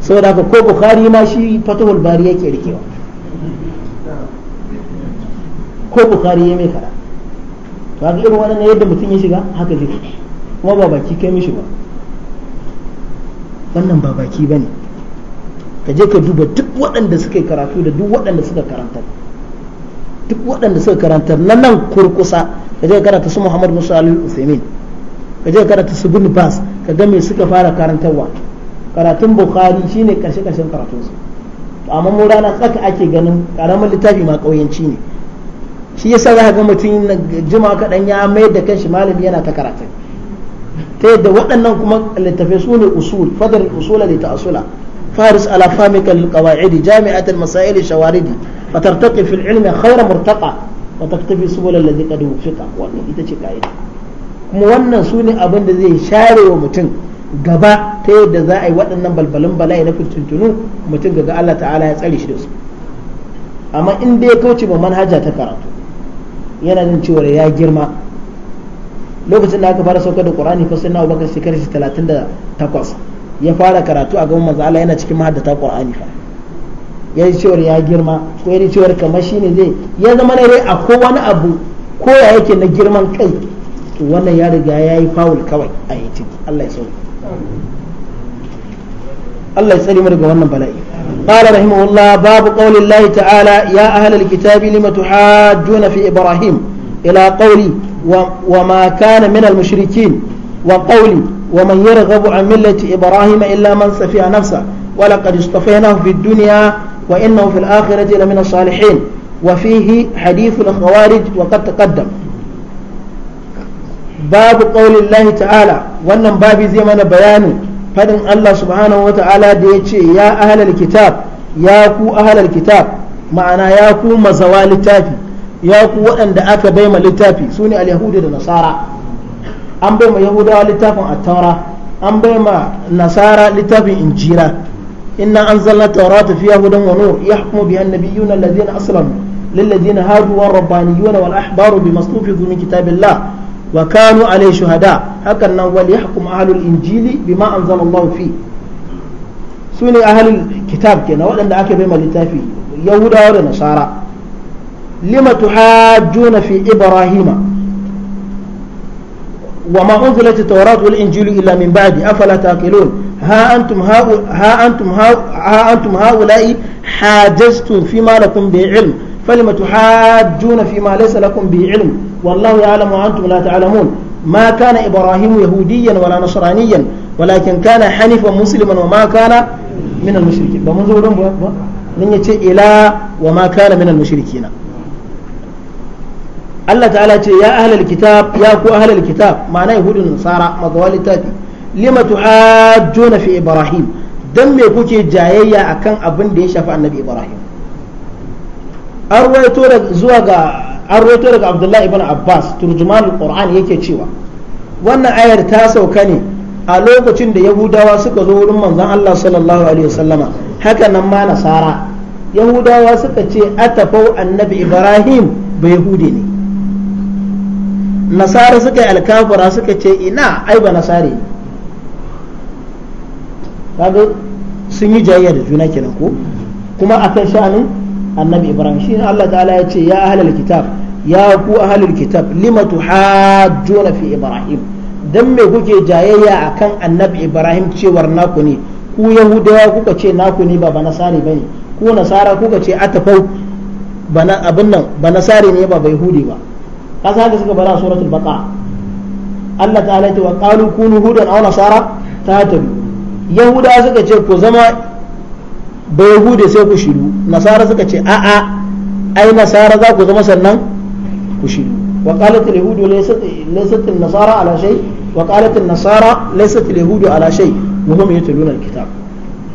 saboda haka ko bukhari ma shi fatuhul bari yake rikewa ko bukhari ya mai kara to ga irin wannan yadda mutum ya shiga haka zai kuma ba baki kai mishi ba wannan ba baki ne ka je ka duba duk waɗanda suka yi karatu da duk waɗanda suka karantar duk waɗanda suka karantar na nan kurkusa ka je karanta su Muhammad Musa al usaimin ka je karanta su Ibn Bas ka ga me suka fara karantarwa karatun Bukhari shine karshe karshen karatun su amma mu rana tsaka ake ganin karamin littafi ma kauyanci ne shi yasa za ga mutum na jima kaɗan ya mayar da kanshi malami yana ta karatu ta yadda waɗannan kuma littafai su ne usul fadar usula da ta'asula faris ala famika alqawaid jami'at almasail shawaridi fatartaqi fil ilmi khayra murtaqa wa taktafi subul alladhi qad wufiqa wannan ita ce kaida kuma wannan su ne abin da zai share wa mutum gaba ta yadda za a yi waɗannan balbalin bala'i na fitintunu mutum ga Allah ta'ala ya tsare shi da su amma in dai kauce ba manhaja ta karatu yana jin cewa ya girma lokacin da aka fara saukar da qur'ani fa sai na abubakar shekarar 38 ya fara karatu a gaban manzo Allah yana cikin mahaddata qur'ani fa ya cewa ya girma ko ya cewa kamar shine zai ya zama ne dai akwai wani abu ko ya yake na girman kai to wannan ya riga ya yi fawul kawai a yi Allah ya sauke Allah ya tsare mu daga wannan bala'i قال رحمه الله باب قول الله تعالى يا أهل الكتاب لم تحاجون في إبراهيم إلى قولي وما كان من المشركين وقولي ومن يرغب عن ملة إبراهيم إلا من سفي نفسه ولقد اصطفيناه في الدنيا وإنه في الآخرة لمن الصالحين وفيه حديث الخوارج وقد تقدم باب قول الله تعالى وأن باب زمن بيانه fadin Allah subhanahu wa ta'ala da ya ce ya ahlal kitab ya ku ahlal kitab ma'ana ya ku mazawa littafi ya ku waɗanda aka bai ma littafi su ne al-yahudu da nasara an bai ma yahudawa littafin attaura an bai ma nasara littafin injira inna anzalna tawrata fiha hudan wa nur yahkumu biha an-nabiyyuna alladhina aslamu للذين هادوا والربانيون والأحبار بما استوفظوا من كتاب الله wa kanu alai shuhada hakan nan wal yahkum ahlul injili bima anzalallahu fi su ne ahlul kitab kenan waɗanda ake bai littafi yahudawa da nasara lima tuhajjuna fi ibrahima وما أنزلت التوراة والإنجيل إلا من بعد أفلا تعقلون ها أنتم هاو ها أنتم هاو ها أنتم هؤلاء حاجزتم فيما لكم به علم تحاجون فيما ليس لكم به علم والله يعلم وأنتم لا تعلمون ما كان إبراهيم يهوديا ولا نصرانيا ولكن كان حنيفا مسلما وما كان من المشركين بمنذ من يتي إلى وما كان من المشركين الله تعالى يا أهل الكتاب يا كو أهل الكتاب معناه يهود النصارى مضوال تاتي لما تحاجون في إبراهيم dan me kuke jayayya akan abin da ya shafi annabi ibrahim an ruwaito zuwa ga an roto daga abdullahi ibn abbas turjuman qur'an yake cewa wannan ayar ta sauka ne a lokacin da yahudawa suka zo wurin manzon allah sallallahu alaihi wasallama haka nan ma nasara yahudawa suka ce atafau annabi ibrahim ba yahudi ne nasara suka yi alkafura suka ce ina ai ba nasare kaga sun yi jayayya da juna kenan ko kuma akan sha'anin annabi ibrahim shi Allah ta'ala ya ce ya ahlal kitab ya ku ahlul kitab lima tuhajjuna fi ibrahim dan me kuke jayayya akan annabi ibrahim cewar naku ne ku yahudawa kuka ce naku ne ba nasari bane ku nasara kuka ce atafau bana abin nan ba nasari ne ba bai hudi ba kasa haka suka bara suratul baqara Allah ta'ala ya ce wa qalu kunu hudan aw nasara tahtadu yahudawa suka ce ku zama ba yahude sai ku shiru nasara suka ce a'a ai nasara za ku zama sannan ku shiru wa qalat al yahudu laysat al nasara ala shay wa qalat al nasara laysat al yahudu ala shay wa hum yatluna al kitab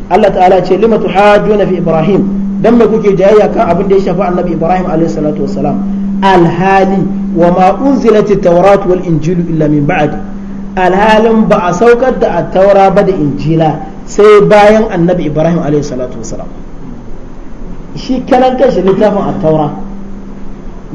Allah ta'ala ce lima tuhajjuna fi ibrahim dan me kuke jayayya kan abin da ya shafa annabi ibrahim alaihi salatu wassalam alhali wa ma unzilat at-taurat wal injilu illa min ba'di alhalin ba a saukar da at-taura ba da injila sai bayan annabi ibrahim alaihi salatu wasalam shi karan kanshi littafin attaura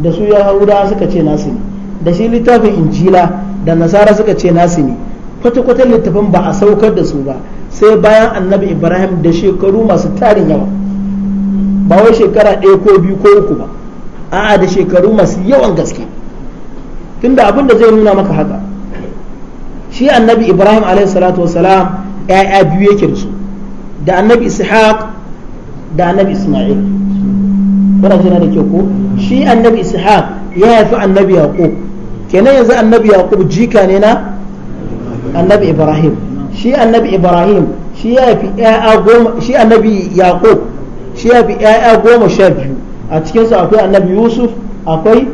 da su yahuda suka ce nasu ne da shi littafin injila da nasara suka ce nasu ne kwata-kwata littafin ba a saukar da su ba sai bayan annabi ibrahim da shekaru masu tarin yawa ba wai shekara ɗaya ko biyu ko uku ba a'a da shekaru masu yawan gaske tunda abin da zai nuna maka haka shi annabi ibrahim alaihi salatu wasalam 'ya'ya biyu yake da su da annabi ishaq da annabi isma'il kuna jina da ke ko shi annabi ishaq ya haifi annabi yaqub kenan yanzu annabi yaqub jika ne na annabi ibrahim shi annabi ibrahim shi ya haifi 'ya'ya goma shi annabi yaqub shi ya fi 'ya'ya goma sha biyu a cikinsu akwai annabi yusuf akwai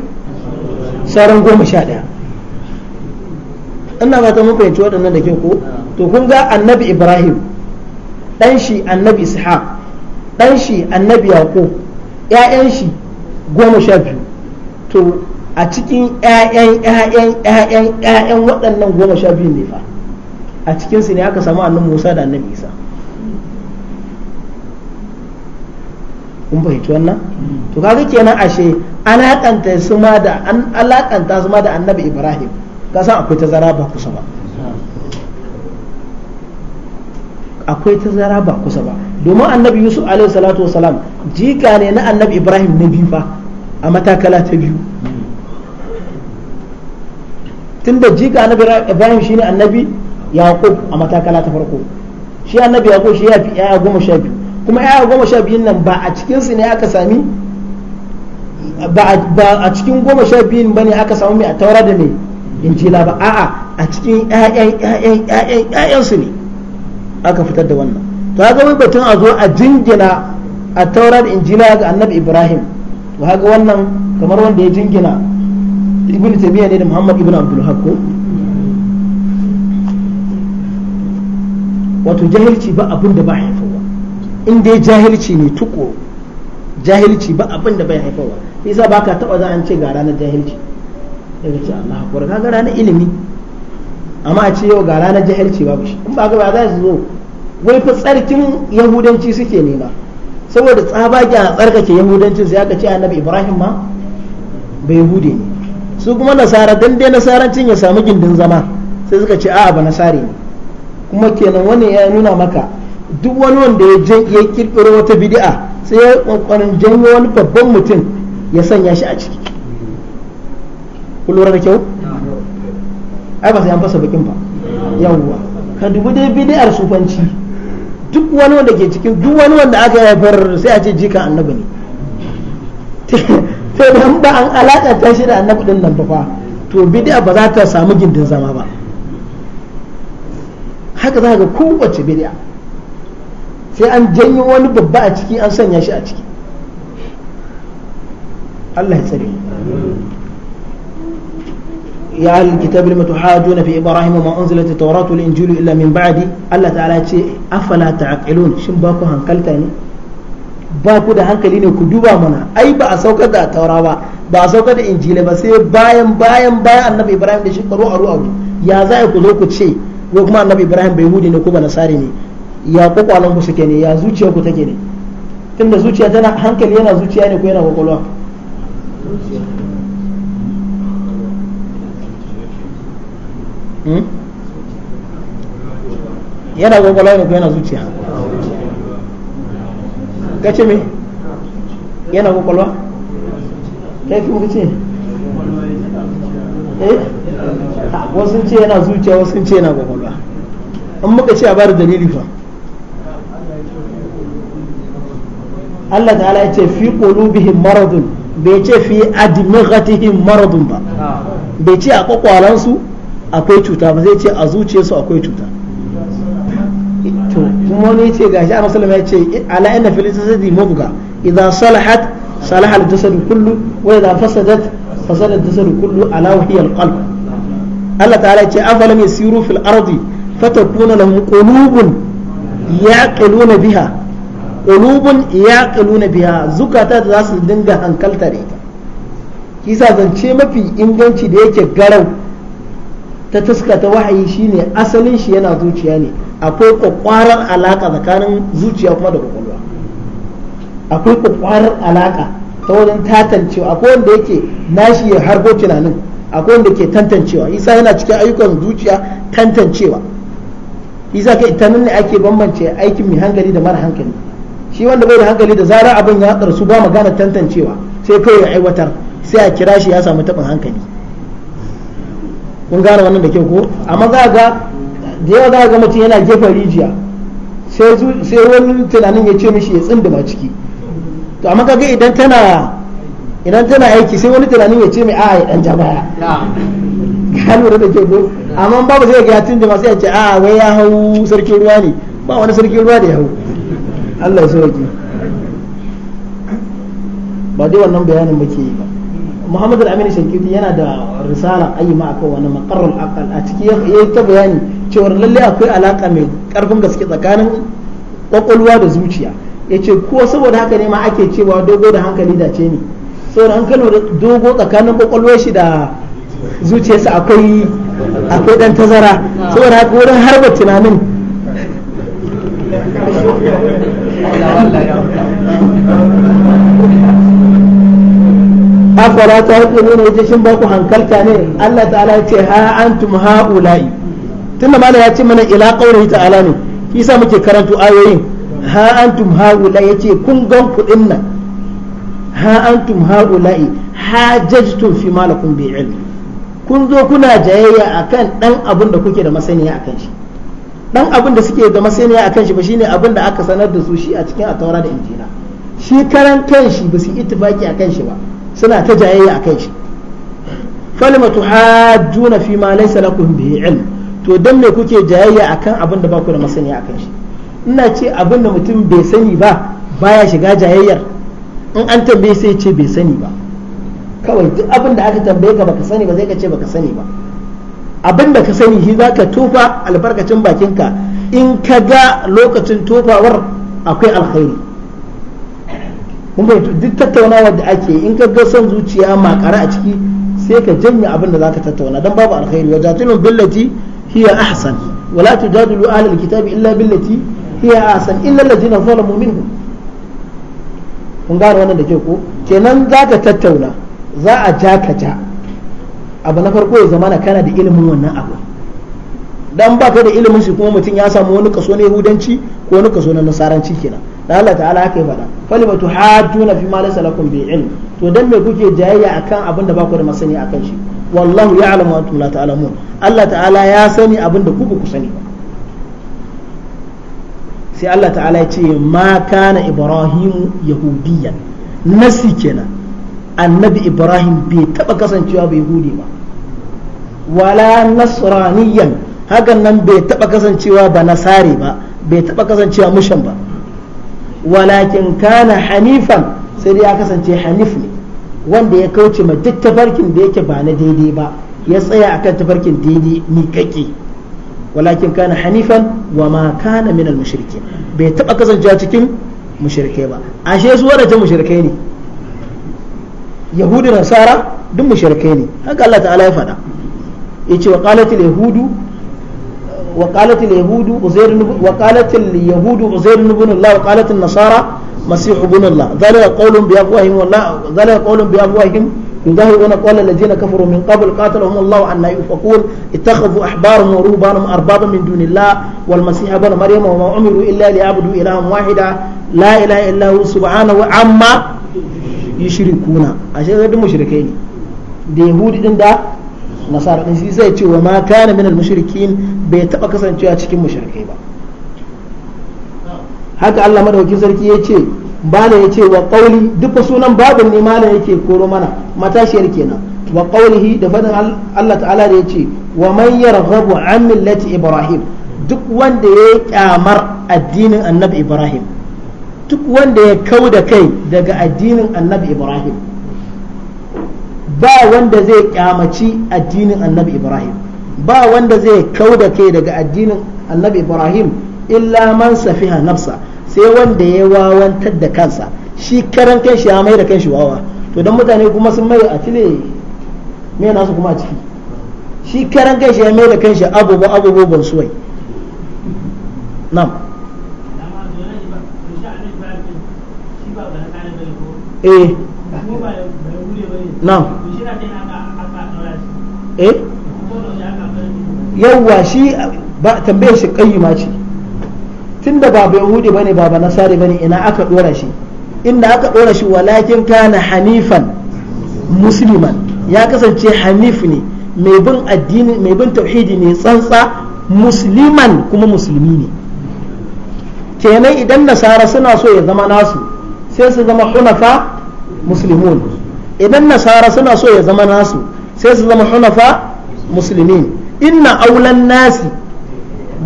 sauran goma sha ɗaya ina ba ta mun fahimci waɗannan da ke ko to kun ga annabi ibrahim dan shi annabi ishaq dan shi annabi yaqub ƴaƴan shi goma sha biyu to a cikin ƴaƴan ƴaƴan ƴaƴan ƴaƴan waɗannan goma sha biyu ne fa a cikin su ne aka samu annabi musa da annabi isa kun fahimci wannan to kaga kenan ashe alakanta su ma da an alakanta su ma da annabi ibrahim kasan akwai tazara ba kusa ba akwai tazara ba kusa ba domin annabi yusuf alaihi salatu wasalam jika ne na annabi ibrahim na biyu ba a matakala ta biyu tunda jika annabi ibrahim shine annabi yaqub a matakala ta farko shi annabi yaqub shi ya fi yaya goma sha biyu kuma yaya goma sha biyun nan ba a cikin su ne aka sami ba a cikin goma sha biyun ba ne aka samu mai a taura da mai injila ba a'a a cikin 'ya'yan su ne aka fitar da wannan to haka wai batun a zo a jingina a taurar injila ga annabi ibrahim to haka wannan kamar wanda ya jingina ibn tabiya ne da muhammad ibn abdul hakko wato jahilci ba abin da ba haifarwa in dai jahilci ne tuko jahilci ba abin da bai haifarwa yasa ba ka taba za an ce ga ranar jahilci daga ce Allah haƙura gara ranar ilimi amma a ce yau ga ranar jahilci babu shi in ba ga ba za su zo wai fa tsarkin yahudanci suke nema saboda tsabaki a tsarkake yahudanci sai aka ce annabi ibrahim ma bai hude ne su kuma nasara dan dai nasarancin ya samu gindin zama sai suka ce a'a ba nasare ne kuma kenan wannan ya nuna maka duk wani wanda ya ya kirkiro wata bid'a sai ya kokarin janyo wani babban mutum ya sanya shi a ciki kullum da kyau ai ba sai an fasa bakin ba yawwa ka dubi dai bid'ar sufanci duk wani wanda ke cikin duk wani wanda aka yi haifar sai a ce jikan annabi ne sai dan ba an ta shi da annabi din nan ba fa to bid'a ba za ta samu gindin zama ba haka za ga kowace bid'a sai an janyo wani babba a ciki an sanya shi a ciki Allah ya tsare ya ahli alkitabi lima tuhajuna fi ibrahim ma unzilat tawratu wal injilu illa min ba'di Allah ta'ala yace afala ta'qilun shin ba ku hankalta ne ba ku da hankali ne ku duba mana ai ba a saukar da tawra ba ba a saukar da injili ba sai bayan bayan bayan annabi ibrahim da shi karo a ru'a ya za ku zo ku ce ko kuma annabi ibrahim bai hudu ne ko ba nasari ne ya kokwalon ku suke ne ya zuciya ku take ne tunda zuciya tana hankali yana zuciya ne ko yana kokwalwa Hmm? yana gogola ne ko yana zuciya ka ce me yana kwakwalwa kai fi muka ce eh wasu ce yana zuciya wasu ce yana kwakwalwa in muka ce a bar dalili fa Allah ta'ala ya ce fi qulubihim maradun bai ce fi admighatihim maradun ba bai ce a kwakwalansu akwai cuta ba zai ce a zuciyarsu akwai cuta to kuma wani ce gashi a rasulun ya ce ala inna fil jasadi mudga idza salahat salaha al jasadu kullu wa idza fasadat fasada jasadu kullu ala wahiya al Allah ta'ala ya ce afalam yasiru fil ardi fatakuna lahum qulubun yaqiluna biha qulubun yaqiluna biha zukata za su dinga hankalta da kisa zance mafi inganci da yake garau ta ta wahayi shine asalin shi yana zuciya ne akwai kwakwarar alaka tsakanin zuciya kuma da kwakwalwa akwai kwakwarar alaka ta wajen tantancewa akwai wanda yake nashi ya harbo tunanin akwai wanda ke tantancewa isa yana cikin ayyukan zuciya tantancewa isa ka ita ne ake bambance aikin mai hankali da mara hankali shi wanda bai da hankali da zarar abin ya karsu ba magana tantancewa sai kawai ya aiwatar sai a kira shi ya samu taɓin hankali kun gane wannan da kyau ko amma za ga da yawa za ga mutum yana gefen rijiya sai wani tunanin ya ce mishi ya tsinduma ciki to amma kaga idan tana idan tana aiki sai wani tunanin ya ce mai a ya dan ja baya ka da ke ko amma babu sai ga ya tsinduma sai masu ce a wai ya hau sarkin ruwa ne ba wani sarkin ruwa da ya hau Allah ya sauke ba dai wannan bayanin muke yi ba muhammadu al-Amin Shankiti yana da risala ayyuma akan wani makarar akal a ciki ya ta bayani cewar lalle akwai alaka mai karfin gaske tsakanin kwakwalwa da zuciya ya ce ko saboda haka ne ma ake cewa dogo da hankali da ce ne saboda hankali dogo tsakanin kwakwalwar shi da zuciyarsa akwai akwai dan tazara saboda haka wurin harba tunanin afala ta hankalin ne shin ba ku hankalta ne Allah ta'ala ya ce ha antum tun da mana ya ce mana ila qawlihi ta'ala ne sa muke karanto ayoyin ha antum ya ce kun gan kuɗin nan ha antum jaj tun fi malakum bi ilmi kun zo kuna jayayya akan dan abin da kuke da masaniya akan shi dan abin da suke da masaniya akan shi ba shine abin da aka sanar da su shi a cikin ataura da injila shi karan kanshi ba su ittifaki akan shi ba suna ta jayayya a kai shi falima tuhajjuna fi ma laysa lakum bi ilm to dan me kuke jayayya akan abin da ba ku da masani akan shi ina ce abin da mutum bai sani ba baya shiga jayayyar in an tambaye sai ce bai sani ba kawai duk abin da aka tambaye ka baka sani ba zai ka ce baka sani ba abin da ka sani shi zaka tofa albarkacin bakinka in ka ga lokacin tofawar akwai alkhairi mun fahimci duk tattaunawa da ake in ka ga son zuciya makara a ciki sai ka janye abin da zaka tattauna dan babu alkhairi wa jatilun billati hiya ahsan wala tujadilu ahli alkitabi illa billati hiya ahsan illa alladhina zalamu minhum kun gane wannan da ke ko kenan zaka tattauna za a ja ka ja abu na farko ya zamana kana da ilimin wannan abu dan baka da ilimin shi kuma mutum ya samu wani kaso na yahudanci ko wani kaso na nasaranci kenan da Allah ta'ala haka ya faɗa falima tu hajjuna fi ma laysa lakum bi ilm to dan me kuke jayayya akan abin da ba ku da masani akan shi wallahu ya'lamu wa antum la ta'lamun Allah ta'ala ya sani abin da ku ba ku sani sai Allah ta'ala ya ce ma kana ibrahimu yahudiyan nasi kenan annabi ibrahim bai taba kasancewa bai yahudi ba wala nasraniyan hakan nan bai taba kasancewa ba nasare ba bai taba kasancewa mushan ba walakin kana hanifan sai dai ya kasance hanif ne wanda ya kauce ma duk tafarkin da yake ba na daidai ba ya tsaya akan tafarkin daidai miƙaƙe walakin kana hanifan wa ma kana min al bai taba kasancewa cikin mushrike ba ashe su wadda ta mushrike ne yahudi nasara duk mushrike ne haka Allah ta'ala ya faɗa yace wa qalatil yahudu وقالت اليهود عزير وقالت اليهود عزير بن الله وقالت النصارى مسيح ابن الله ذلك قول بأفواههم والله ذلك قول بأفواههم يظهرون قول الذين كفروا من قبل قاتلهم الله عنا يؤفكون اتخذوا أحبارهم ورهبانهم أربابا من دون الله والمسيح ابن مريم وما أمروا إلا ليعبدوا إلها واحدا لا إله إلا هو سبحانه عما يشركون عشان هذا مشركين da yahudi din da nasara din shi zai ce wa ma kana min al-mushrikin bai taba kasancewa cikin mushrikai ba haka Allah madaukakin sarki ya ce bala ya ce wa duka sunan babin ne mala yake koro mana matashiyar kenan wa qaulihi da fadin Allah ta'ala da ya ce wa man yarghabu an millati ibrahim duk wanda ya kyamar addinin annabi ibrahim duk wanda ya kau da kai daga addinin annabi ibrahim ba wanda zai kyamaci addinin annabi ibrahim ba wanda zai kau da ke daga addinin annabi ibrahim illa man safiha nafsa sai wanda ya wawantar da kansa shi karan kanshi ya mai da kanshi wawa to dan mutane kuma sun mai a tile me nasu kuma a ciki shi karan kanshi ya mai da kanshi abubu abubu ban suwai nam eh na eh yawwa shi ba tambayar shi kayyuma ce tunda ba yahudi yahudi bane ba ba nasari bane ina aka dora shi inda aka dora shi walakin kana hanifan musliman ya kasance hanif ne mai bin addini mai bin tauhidi ne tsantsa musliman kuma musulmi ne kenan idan nasara suna so ya zama nasu sai su zama hunafa muslimun idan nasara suna so ya zama nasu sai su zama hunafa musulmin inna aulan nasi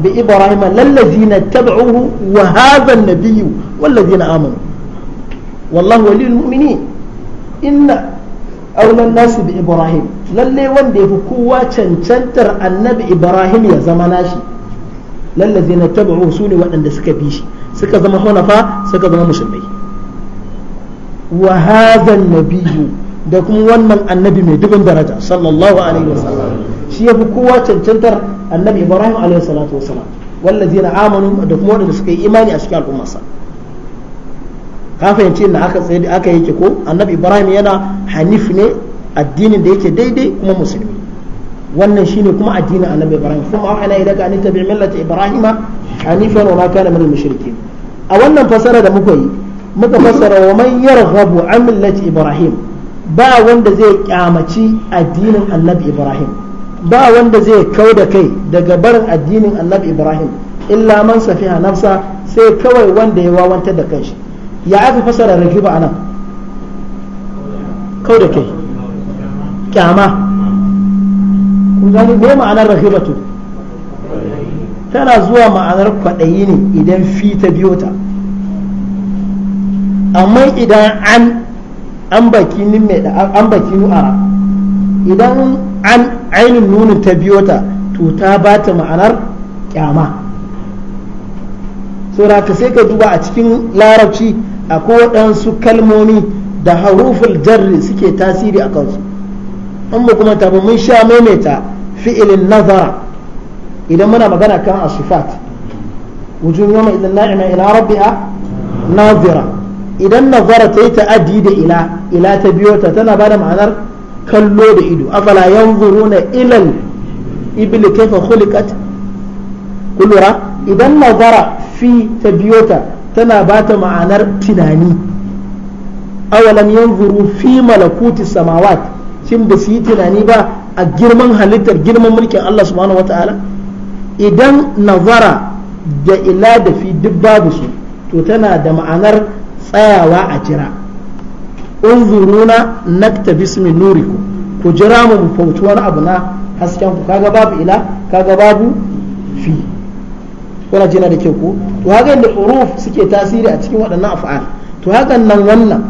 bi ibrahim lallazina tab'uhu wa hadha an-nabiyyu na amanu wallahu waliyul mu'minin inna aulan nasi bi ibrahim lalle wanda yafi kowa cancantar annabi ibrahim ya zama nashi lallazina tab'uhu sune waɗanda suka bi shi suka zama hunafa suka zama musulmai wa hadha nabiyyu da kuma wannan annabi mai dubin daraja sallallahu alaihi wasallam shi yafi kowa cancantar annabi ibrahim alaihi salatu wasallam wallazina amanu da kuma wanda suka yi imani a cikin al'ummarsa ka fahimci inda aka tsaye aka yake ko annabi ibrahim yana hanif ne addinin da yake daidai kuma musulmi wannan shine kuma addinin annabi ibrahim kuma ana yi daga an tabi millata ibrahima hanifan wa ma kana min mushrikin a wannan fasara da muka yi muka fassara wa man yarghabu an millati ibrahim ba wanda zai kyamaci addinin annabi ibrahim ba wanda zai kau da kai daga barin addinin annabi ibrahim illa man safiha nafsa sai kawai wanda ya wawantar da kanshi ya aka fasara ragiba anan kau da kai kyama kun gani me ma'anar rahibatu tana zuwa ma'anar kwaɗayi ne idan fi ta biyo ta amma idan an an baki nin mai an baki nu'ara idan an ainin nunin ta biyo ta to ta ba ta ma'anar kyama saboda ka sai ka duba a cikin larabci akwai waɗansu kalmomi da haruful jarri suke tasiri a kansu an ba kuma tabi mun sha maimaita fi'ilin nazara idan muna magana kan asifat wujun yawma idan na'ima ila rabbiha nazira idan nazara ta yi ta'addi da ila ila ta biyo ta tana bada ma'anar kallo da ido afala yanzuruna ilal ibli kaifa khuliqat kullura idan nazara fi ta biyo ta tana bata ma'anar tunani awalam yanzuru fi malakuti samawat shin ba su yi tunani ba a girman halittar girman mulkin Allah subhanahu wataala idan nazara da ila da fi duk babu su to tana da ma'anar tsayawa a jira unzuruna nakta bismi nuriku ku jira mu fauci wani abu na hasken ku kaga babu ila kaga babu fi kuna jina da kyau ku to haka yadda huruf suke tasiri a cikin waɗannan af'al to hakan nan wannan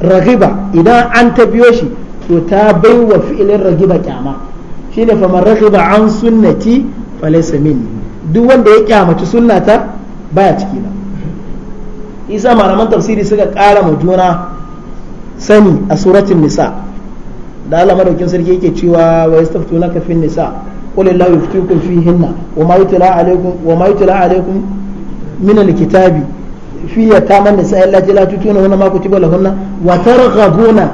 ragiba idan an ta biyo shi to ta bai wa fi'ilin ragiba kyama shine faman ragiba an sunnati falaysa minni duk wanda ya kyamaci sunnata baya ciki ba. isa malaman tafsiri suka ƙara ma juna sani a suratun nisa da Allah madaukin sarki yake cewa wa yastaftunaka fin nisa qul illahu yuftikum fihinna wa ma yutla alaykum wa ma yutla alaykum min alkitabi fi yataman nisa allati la tutuna hunna ma kutiba lahunna wa targhabuna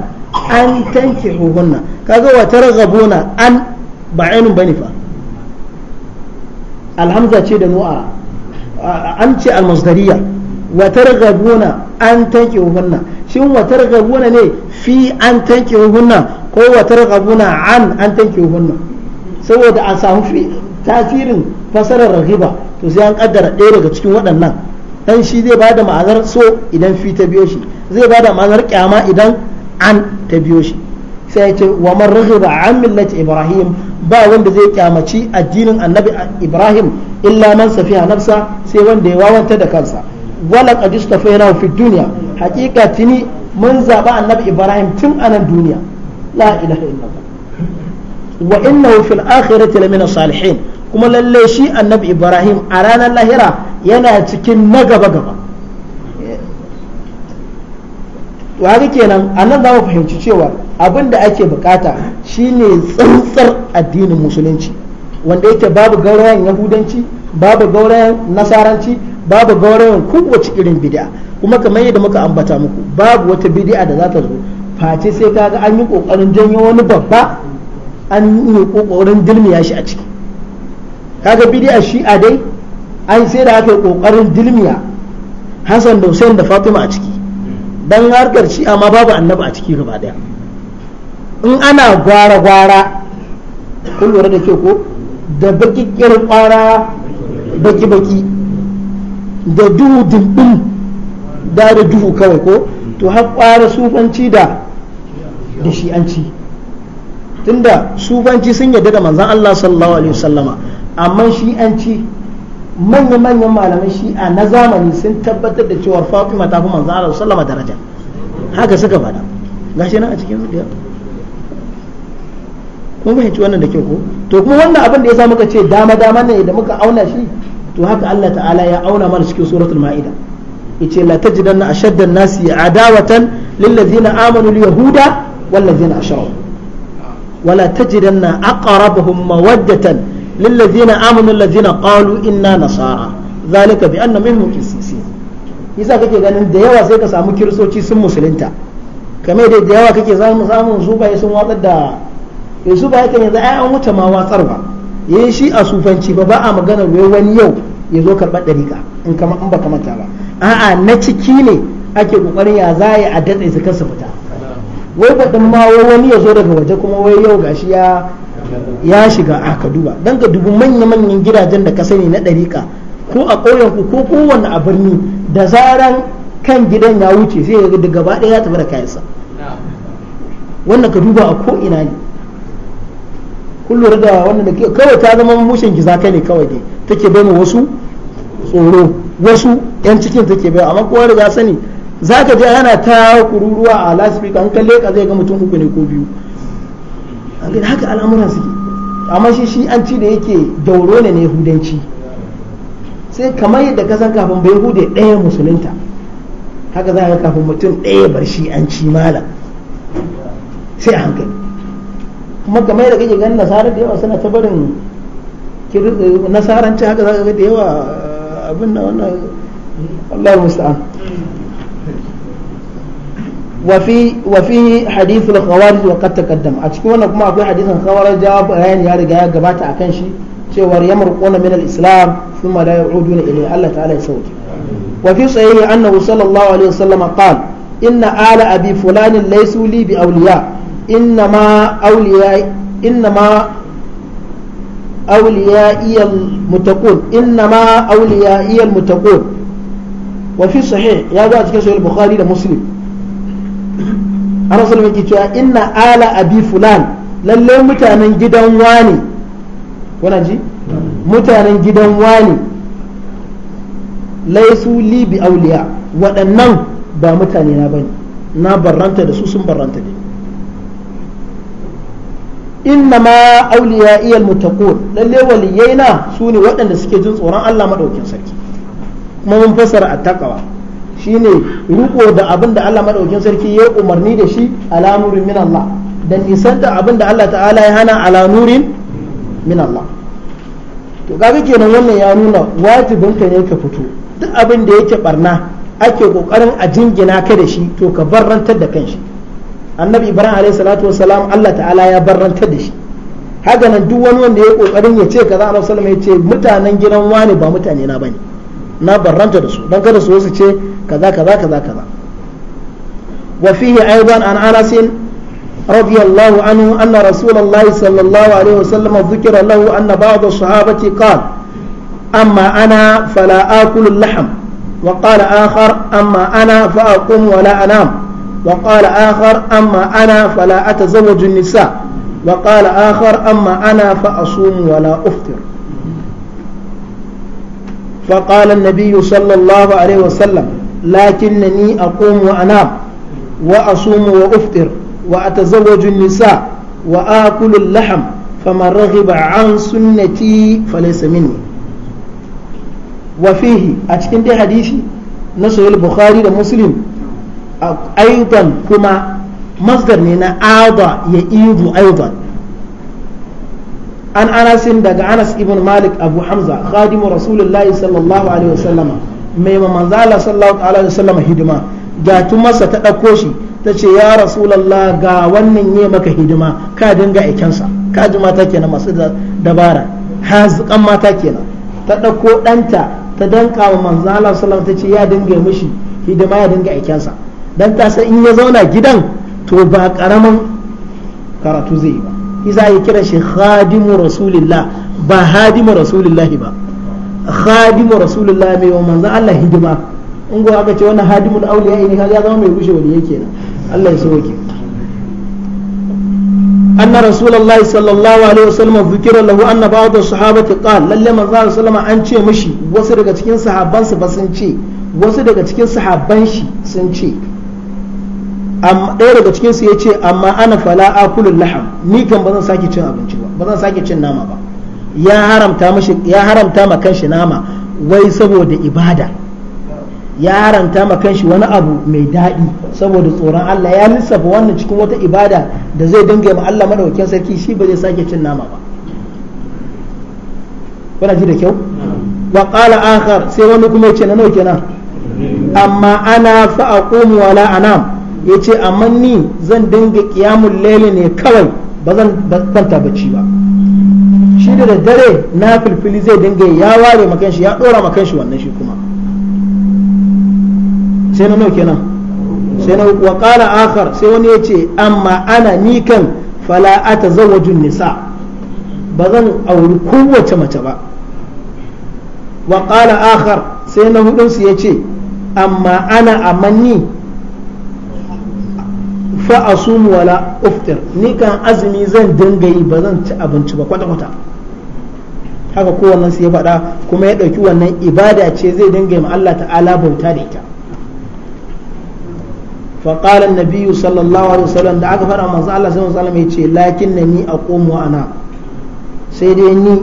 an tankihuhunna kaga wa targhabuna an ba'inun bani fa alhamza ce da nu'a an ce al almasdariya watargabuna an tanke hunna shin watargabuna ne fi an tanke hunna ko watargabuna an an tanke hunna saboda a samu fi tasirin fasarar rahiba to sai an kaddara ɗaya daga cikin waɗannan dan shi zai bada ma'anar so idan fi ta biyo shi zai bada ma'anar kyama idan an ta biyo shi sai ya ce wa man rahiba an millati ibrahim ba wanda zai kyamaci addinin annabi ibrahim illa man safiha nafsa sai wanda ya wawanta da kansa wala qad yana fi dunya haqiqa tini mun zaba annabi ibrahim tun anan duniya la ilaha illallah wa innahu fil akhirati lamina salihin kuma lalle shi annabi ibrahim a ranar lahira yana cikin na gaba gaba wani kenan annan zamu fahimci cewa abin da ake bukata shine tsantsar addinin musulunci wanda yake babu gaurayen yahudanci babu gaurayen nasaranci babu gaurayin kowace irin bid'a kuma kamar yadda muka ambata muku babu wata bid'a da za ta zo face sai kaga an yi kokarin janyo wani babba an yi kokarin dilmiya shi a ciki kaga bid'a shi a dai an sai da aka yi kokarin dilmiya Hassan da Hussein da Fatima a ciki dan harkar shi amma babu annabi a ciki gaba daya in ana gwara gwara kun da ke ko da bakikkiyar kwara baki baki da duhu dimbin da da duhu kawai ko to har ƙwara sufanci da da shi'anci tunda sufanci sun yadda da manzan Allah sallallahu alaihi wasallama amma shi'anci manya-manyan malaman shi'a na zamani sun tabbatar da cewa fatima ta fi manzan Allah sallama daraja haka suka faɗa gashi nan a cikin bidiyon kun fahimci wannan da kyau ko to kuma wannan abin da ya sa muka ce dama-dama ne da muka auna shi to haka Allah ta'ala ya auna mana cikin suratul ma'ida yace la tajidanna ashadda an-nasi adawatan lil ladzina amanu al-yahuda wal ladzina ashraku wala tajidanna aqrabahum mawaddatan lil ladzina amanu alladzina qalu inna nasara zalika bi anna minhum qisisin yasa kake ganin da yawa sai ka samu kiristoci sun musulunta kamar da da yawa kake samun samun su bai sun watsar da eh, su bai kan yanzu ai an wuce ma watsar ba yayi shi a sufanci ba ba a magana wai wani yau ya zo karɓar ɗariƙa in kama in ba ba a'a na ciki ne ake kokarin ya za a daɗe su kasa fita wai baɗin ma wani ya zo daga waje kuma wai yau gashi ya ya shiga a ka don ga dubu manya-manyan gidajen da ka sani na ɗariƙa ko a ku ko kowane a birni da zaran kan gidan ya wuce sai ya gaba ɗaya ya tafi da kayansa wannan ka duba a ko ina ne kullum da wannan da kawai ta zama mushin giza kai ne kawai dai take bai mu wasu tsoro wasu yan cikin take bai amma kowa riga sani zaka je yana ta kururuwa a lasfika an kalle ka zai ga mutum uku ne ko biyu an gani haka al'amuran suke amma shi shi an ci da yake dauro ne na yahudanci sai kamar yadda ka san kafin bai hude ɗaya musulunta haka za ka kafin mutum ɗaya bar shi an ci malam sai a hankali kuma kamar da kake ganin nasarar da yawa suna ta barin eh, nasaranci haka za ga da yawa eh, abin da wannan Allah musta'an وفي وفيه حديث الخوارج وقد تقدم اتكون كما اكو حديث الخوارج ya يا رجا غبات اكن شي cewar yamruquna min al-islam thumma la yu'uduna ilayhi Allah ta'ala ya sauke wa fi sahihi annahu sallallahu alaihi wasallam qala inna ala abi fulan laysu bi إنما أولياء إنما أوليائي المتقون إنما أوليائي المتقون وفي صحيح يا ذات كسر البخاري لمسلم أنا صلى الله عليه إن آل أبي فلان للي متانا جدا واني ونجي متانا جدا واني laisu li bi auliya waɗannan ba mutane na bane na barranta da su sun barranta ne innama auliya iyal muttaqun lalle waliyaina sune waɗanda suke jin tsoron Allah madaukin sarki kuma mun fassara attaqwa shine riko da abinda Allah madaukin sarki ya umarni da shi ala min Allah dan nisan da abinda Allah ta'ala ya hana ala nurin min Allah to kaga kenan wannan ya nuna wajibin ka ne ka fito duk abin da yake barna ake kokarin a jingina ka da shi to ka barrantar da kanshi annabi ibrahim alaihi salatu Allah ta'ala ya barranta da shi haka nan duk wani wanda ya kokarin ya ce kaza annabi sallallahu ya ce mutanen gidan wani ba mutane na bane na barranta da su dan kada su wasu ce kaza kaza kaza kaza wa fihi aidan an anas رضي الله عنه أن رسول الله صلى الله عليه وسلم ذكر له أن بعض الصحابة قال أما أنا فلا آكل اللحم وقال آخر أما أنا فأقوم ولا أنام وقال آخر أما أنا فلا أتزوج النساء وقال آخر أما أنا فأصوم ولا أفطر فقال النبي صلى الله عليه وسلم لكنني أقوم وأنام وأصوم وأفطر وأتزوج النساء وآكل اللحم فمن رغب عن سنتي فليس مني وفيه أتكن دي حديثي نسوي البخاري ومسلم aidan kuma masdar ne na ada ya idu aidan an anasin daga anas ibn malik abu hamza khadimu rasulullahi sallallahu alaihi wasallama mai manzala sallallahu alaihi wasallama hidima ga masa ta ɗauko shi ta ce ya rasulallah ga wannan yi maka hidima ka dinga aikensa ka ji mata kenan masu dabara haziƙan mata kenan ta ɗauko ɗanta ta danka wa manzala sallallahu ta ce ya dinga mishi hidima ya dinga aikensa dan ka san in ya zauna gidan to ba karaman karatu zai ba iza ya kira shi khadimu rasulillah ba hadimu rasulillah ba khadimu rasulillah mai wa manzo Allah hidima in go aka ce wannan hadimu da auliya ne ka ya zama mai gushe wani yake na Allah ya soke anna rasulullahi sallallahu alaihi wasallam zikira lahu anna ba'd as-sahabati qala lalla manzo sallama an ce mishi wasu daga cikin sahabban su ba sun ce wasu daga cikin sahabban shi sun ce amma ɗaya daga cikin su yace amma ana fala akulul laham ni kan ba zan sake cin abinci ba ba zan sake cin nama ba ya haramta mashi ya ma kanshi nama wai saboda ibada ya haramta ma kanshi wani abu mai daɗi saboda tsoron Allah ya lissafa wannan cikin wata ibada da zai dinga ma Allah madaukakin sarki shi ba zai sake cin nama ba kuna ji da kyau wa qala akhar sai wani kuma yace na nawa kenan amma ana fa aqumu wala anam ya ce amma ni zan dinga kiyamun lele ne kawai ba zan kwanta bacci ba shi da dare na filfili zai dinga ya ware makan shi ya dora makan shi wannan shi kuma sai na nauke kenan sai na wa qala akhar sai wani ya ce amma ana ni kan fala atazawwajun nisa ba zan auri kowace mace ba wa qala akhar sai na hudun su ya ce amma ana amanni fa asum wala uftir ni kan azumi zan dinga yi ba zan ci abinci ba kwata kwata haka kowannen su ya faɗa kuma ya ɗauki wannan ibada ce zai dinga yi ma Allah ta'ala bauta da ita qala an صلى sallallahu alaihi wasallam da aka fara manzo Allah sallallahu alaihi wasallam ya ce a aqumu ana sai dai ni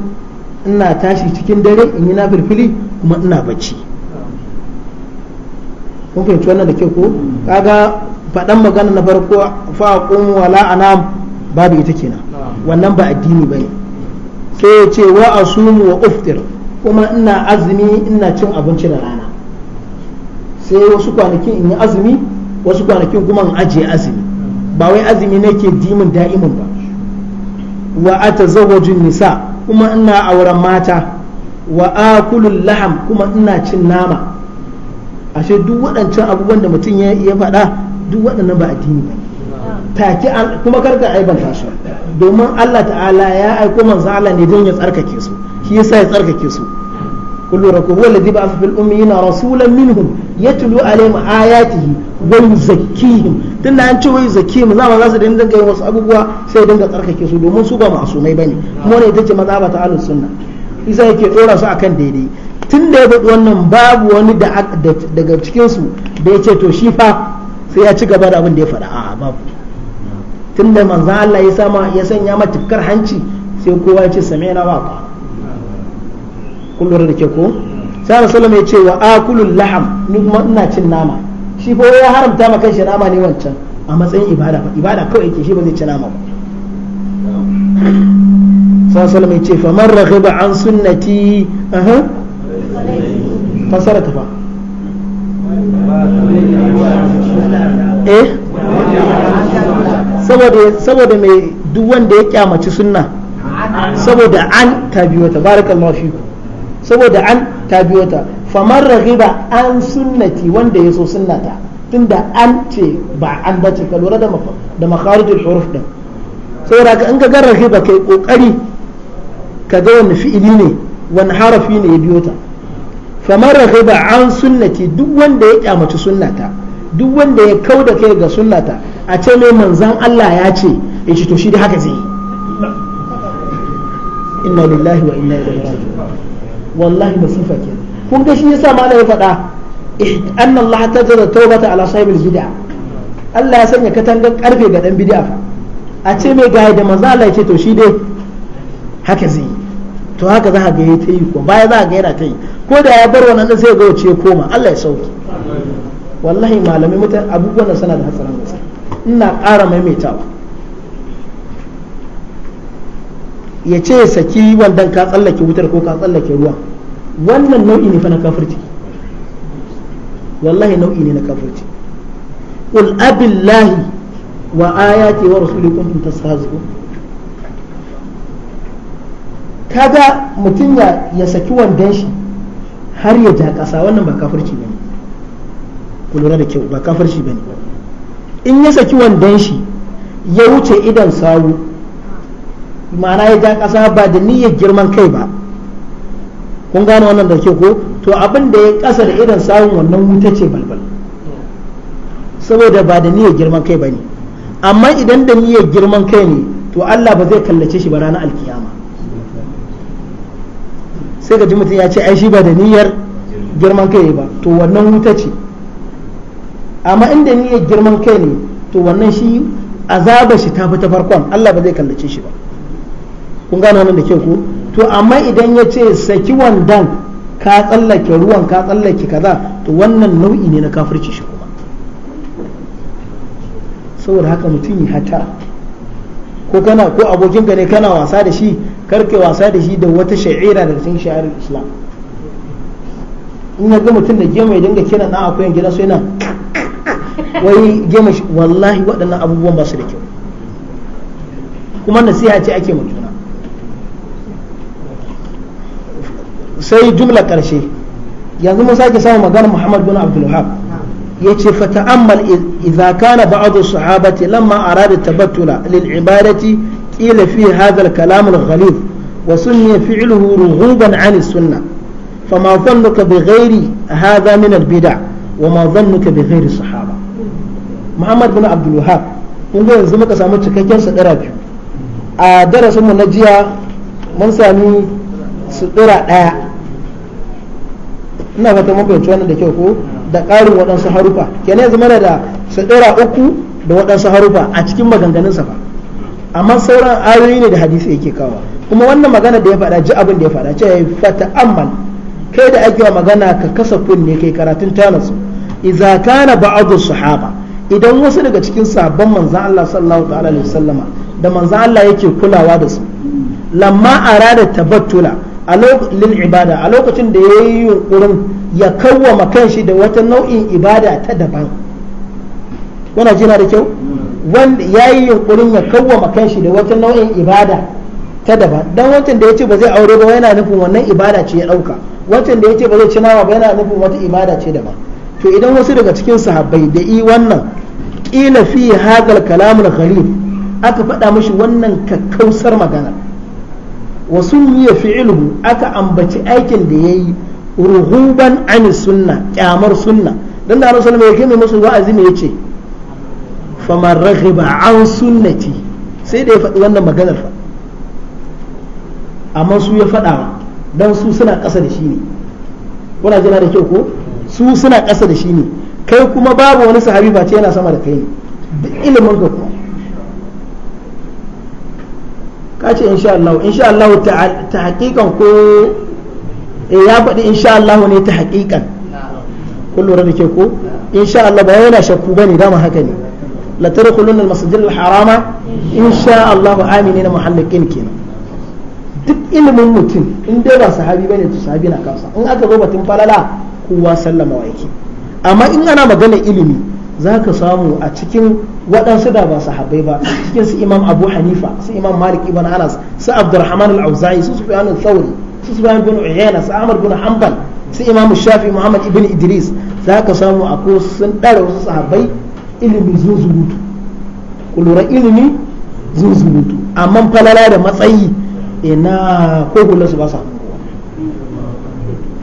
ina tashi cikin dare in yi na firfiri kuma ina bacci kun fahimci wannan da ke ko kaga faɗan magana na farko kun wala anam babu ita kenan wannan ba addini ba bane sai ya ce wa asumu wa uftir kuma ina azumi ina cin abinci da rana sai wasu kwanakin in yi azumi wasu kwanakin kuma in ajiye azumi ba wai azumi ke dimin da'imin ba wa atazawwajun nisa kuma ina auren mata wa kulun laham kuma ina cin nama ashe duk waɗancan abubuwan da mutum ya faɗa duk waɗannan ba addini ba take kuma karka aibanta su domin Allah ta'ala ya aiko manzo Allah ne don ya tsarkake su shi yasa ya tsarkake su kun lura ko huwa alladhi ba'atha fil ummiyina rasulan minhum yatlu alaihim ayatihi wa yuzakkihim tunda an ce wai zakihim zama za su dinga wasu abubuwa sai dinga tsarkake su domin su ba masumai bane kuma ne ita ce mazaba ta ahlus sunna isa yake dora su akan daidai tunda ya faɗi wannan babu wani daga cikin su da ya ce to shi fa sai ya ci gaba da abin da ya faɗa a babu tun da manzo Allah ya sama ya sanya mata hanci sai kowa ya ce same na ta kullum da ke ko sai Rasulullah ya ce wa akulul laham ni kuma ina cin nama shi ko ya haramta ma shi nama ne wancan a matsayin ibada ba ibada kawai yake shi ba zai ci nama ba sai Rasulullah ya ce fa faman raghiba an sunnati aha fasara ta eh saboda mai duk wanda ya kyamaci sunna saboda an tabiwata biyo ta barakallahu saboda an tabiwata famar raghiba an sunnati wanda ya so sunnata tunda an ce ba an bace ka lura da da makharijul huruf din saboda ka in ka ga raghiba kai kokari ka ga wani fi'ili ne wani harafi ne ya biyo ta famar raghiba an sunnati duk wanda ya kyamaci sunnata duk wanda ya kau da kai ga sunnata a ce mai manzan Allah ya ce ya ce to shi da haka zai inna lillahi wa inna ilaihi raji'un wallahi masifa ke kun ga shi yasa malai ya faɗa eh, anna Allah ta jira tawbata ala sahibil bid'a Allah ya sanya katangar karfe ga dan bid'a a ce mai gaya da manzan Allah ya ce to shi dai haka zai to haka za ka ga yayi ta yi ko baya za ka ga yana ta yi ko da ya bar wannan sai ya ga ya koma Allah ya sauke wallahi malamai mutane abubuwan suna da hatsarin gaske ina ƙara maimaitawa ya ce saki wandan ka tsallake wutar ko ka tsallake ruwa wannan nau'i ne fa na kafirci wallahi nau'i ne na kafirci qul abillahi wa ayati wa rasuli kuntum tastahzi'un kaga mutum ya saki wandan shi har ya ja ƙasa wannan ba kafirci ne ku lura da kyau ba kafarci bane in ya saki wandon shi ya wuce idan sawu ma'ana ya ja ƙasa ba da niyyar girman kai ba kun gano wannan da ke ko to abin da ya ƙasa da idan sawun wannan wuta ce balbal saboda ba da niyyar girman kai ba ne amma idan da niyyar girman kai ne to Allah ba zai kallace shi ba ranar alkiyama sai ga ji mutum ya ce ai shi ba da niyyar girman kai ba to wannan wuta ce amma inda ni ya girman kai ne to wannan shi azaba shi ta fi ta farkon Allah ba zai kallace shi ba kun gano nan da ke ku to amma idan ya ce saki wandan ka tsallake ruwan ka tsallake kaza to wannan nau'i ne na kafirci shi kuma saboda haka mutum yi hata ko kana ko abokinka ne kana wasa da shi karke wasa da shi da wata sha'ira daga cikin sha'irar islam in ya ga mutum da gemu ya dinga kiran dan akuyan gida su yana wai gemu wallahi waɗannan abubuwan ba su da kyau kuma nasiha ce ake mutum sai jumla karshe yanzu mun sake samun magana Muhammad bin Abdul ya yace fa ta'ammal idza kana ba'd as-sahabati lamma arada tabattula lil ibadati qila fi hadha al-kalam al-ghalib wa sunniya fi'luhu rughuban 'an sunnah فما ظنك بغير هذا من البدع وما ظنك بغير الصحابة محمد بن عبد الوهاب kun ga yanzu muka samu cikakken sadara biyu a darasin mu na jiya mun sami daya ina fata mun fahimci wannan da kyau ko da ƙarin waɗansu harufa kenan yanzu mana da sadara uku da waɗansu harufa a cikin maganganunsa ba? amma sauran ayoyi ne da hadisi yake kawa kuma wannan magana da ya faɗa ji abin da ya faɗa ce ya fata amman kai da ake wa magana ka kasa ne kai karatun tanasu idza kana ba'd sahaba idan wasu daga cikin sabon manzan Allah sallallahu ta'ala alaihi wasallama da manzan Allah yake kulawa da su lamma arada tabattula a lokacin ibada a lokacin da yayi yunkurin ya kawwama kanshi da wata nau'in ibada ta daban wannan jina da kyau wanda yayi yunkurin ya kawwama kanshi da wata nau'in ibada ta daban dan wancan da yace ba zai aure ba yana nufin wannan ibada ce ya dauka wancan da ya ce ba zai ci nama ba yana nufin wata ibada ce ba to idan wasu daga cikin sahabbai da yi wannan kila fi hadal kalamul gharib aka faɗa mishi wannan kakkausar magana wasu sunniya fi'ilu aka ambaci aikin da yayi ruhuban an sunna kyamar sunna dan da Rasul mai kai musu wa'azi ne yace faman raghiba an sunnati sai da ya faɗi wannan maganar fa amma su ya faɗa don su suna ƙasa da shi ne kuna jina da kyau ko su suna ƙasa da shi ne kai kuma babu wani sahabi face yana sama da kai ne duk ilimin ka kuma ka ce insha Allah insha Allah ta hakikan ko eh, ya faɗi insha Allah ne ta hakikan kun lura da ke ko insha Allah ba yana shakku bane dama haka ne la tadkhuluna al-masjid al-harama insha Allah aminina muhallikin kenan duk ilimin mutum in dai ba sahabi bane to sahabi na kansa in aka zo batun falala kowa sallama wa yake amma in ana magana ilimi za ka samu a cikin waɗansu da ba sahabbai ba cikin su imam abu hanifa su imam malik ibn anas su abdurrahman al-auza'i su sufyan al-thawri su sufyan bin uyayna su bin hanbal su imam shafi muhammad ibn idris za ka samu akwai sun ɗara wasu sahabbai ilimi zuzurutu kulura ilimi zuzurutu amma falala da matsayi ina ko hular su ba sa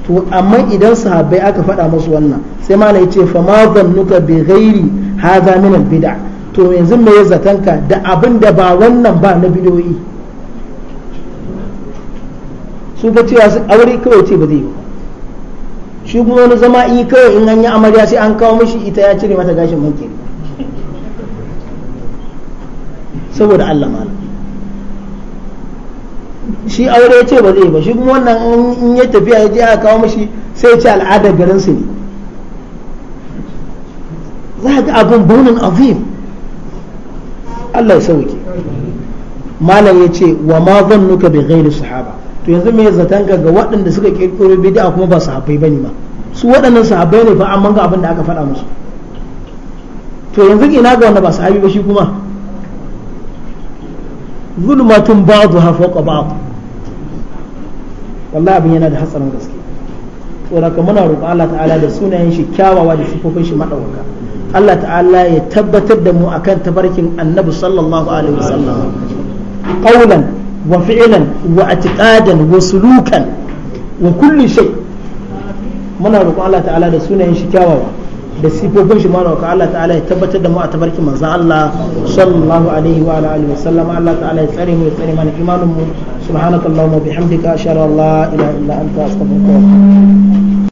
to amma idan sahabbai aka faɗa musu wannan sai mala'i yace ce fa ma zannuka bi ghairi hadha min al bid'a to yanzu me ya zatanka da abin da ba wannan ba na bidoyi su ga cewa su aure kawai ce ba zai yi shi kuma wani zama in kawai in an yi amarya sai an kawo mishi ita ya cire mata gashin mankiri saboda Allah malam shi aure ya ce ba zai ba shi kuma wannan in ya tafiya ya je aka kawo mashi sai ce al'adar garinsu ne za ga abin bunin azim Allah ya sauke malam ya ce wa ma zannuka bi ghairi sahaba to yanzu me zatanka ga waɗanda suka kirkiro bid'a kuma ba sahabbai bane ba su waɗannan sahabbai ne fa amma ga abin da aka faɗa musu to yanzu ina ga wanda ba sahabi ba shi kuma zulmatun ba'dha fawqa ba'd wallahi abin yana da hatsarin gaske saboda muna roƙon Allah ta'ala da sunayen shi kyawawa da sifofin shi madawaka Allah ta'ala ya tabbatar da mu akan tabarkin annabi sallallahu alaihi wasallam qawlan wa fi'lan wa atiqadan wa sulukan wa kulli shay muna roƙon Allah ta'ala da sunayen shi kyawawa da sifofin shi mana ka Allah ta'ala ya tabbatar da mu a tabarki manzon Allah sallallahu alaihi wa alihi Allah ta'ala ya tsare mu ya tsare mana imanin mu subhanakallahumma bihamdika ashhadu an la ilaha illa anta astaghfiruka wa atubu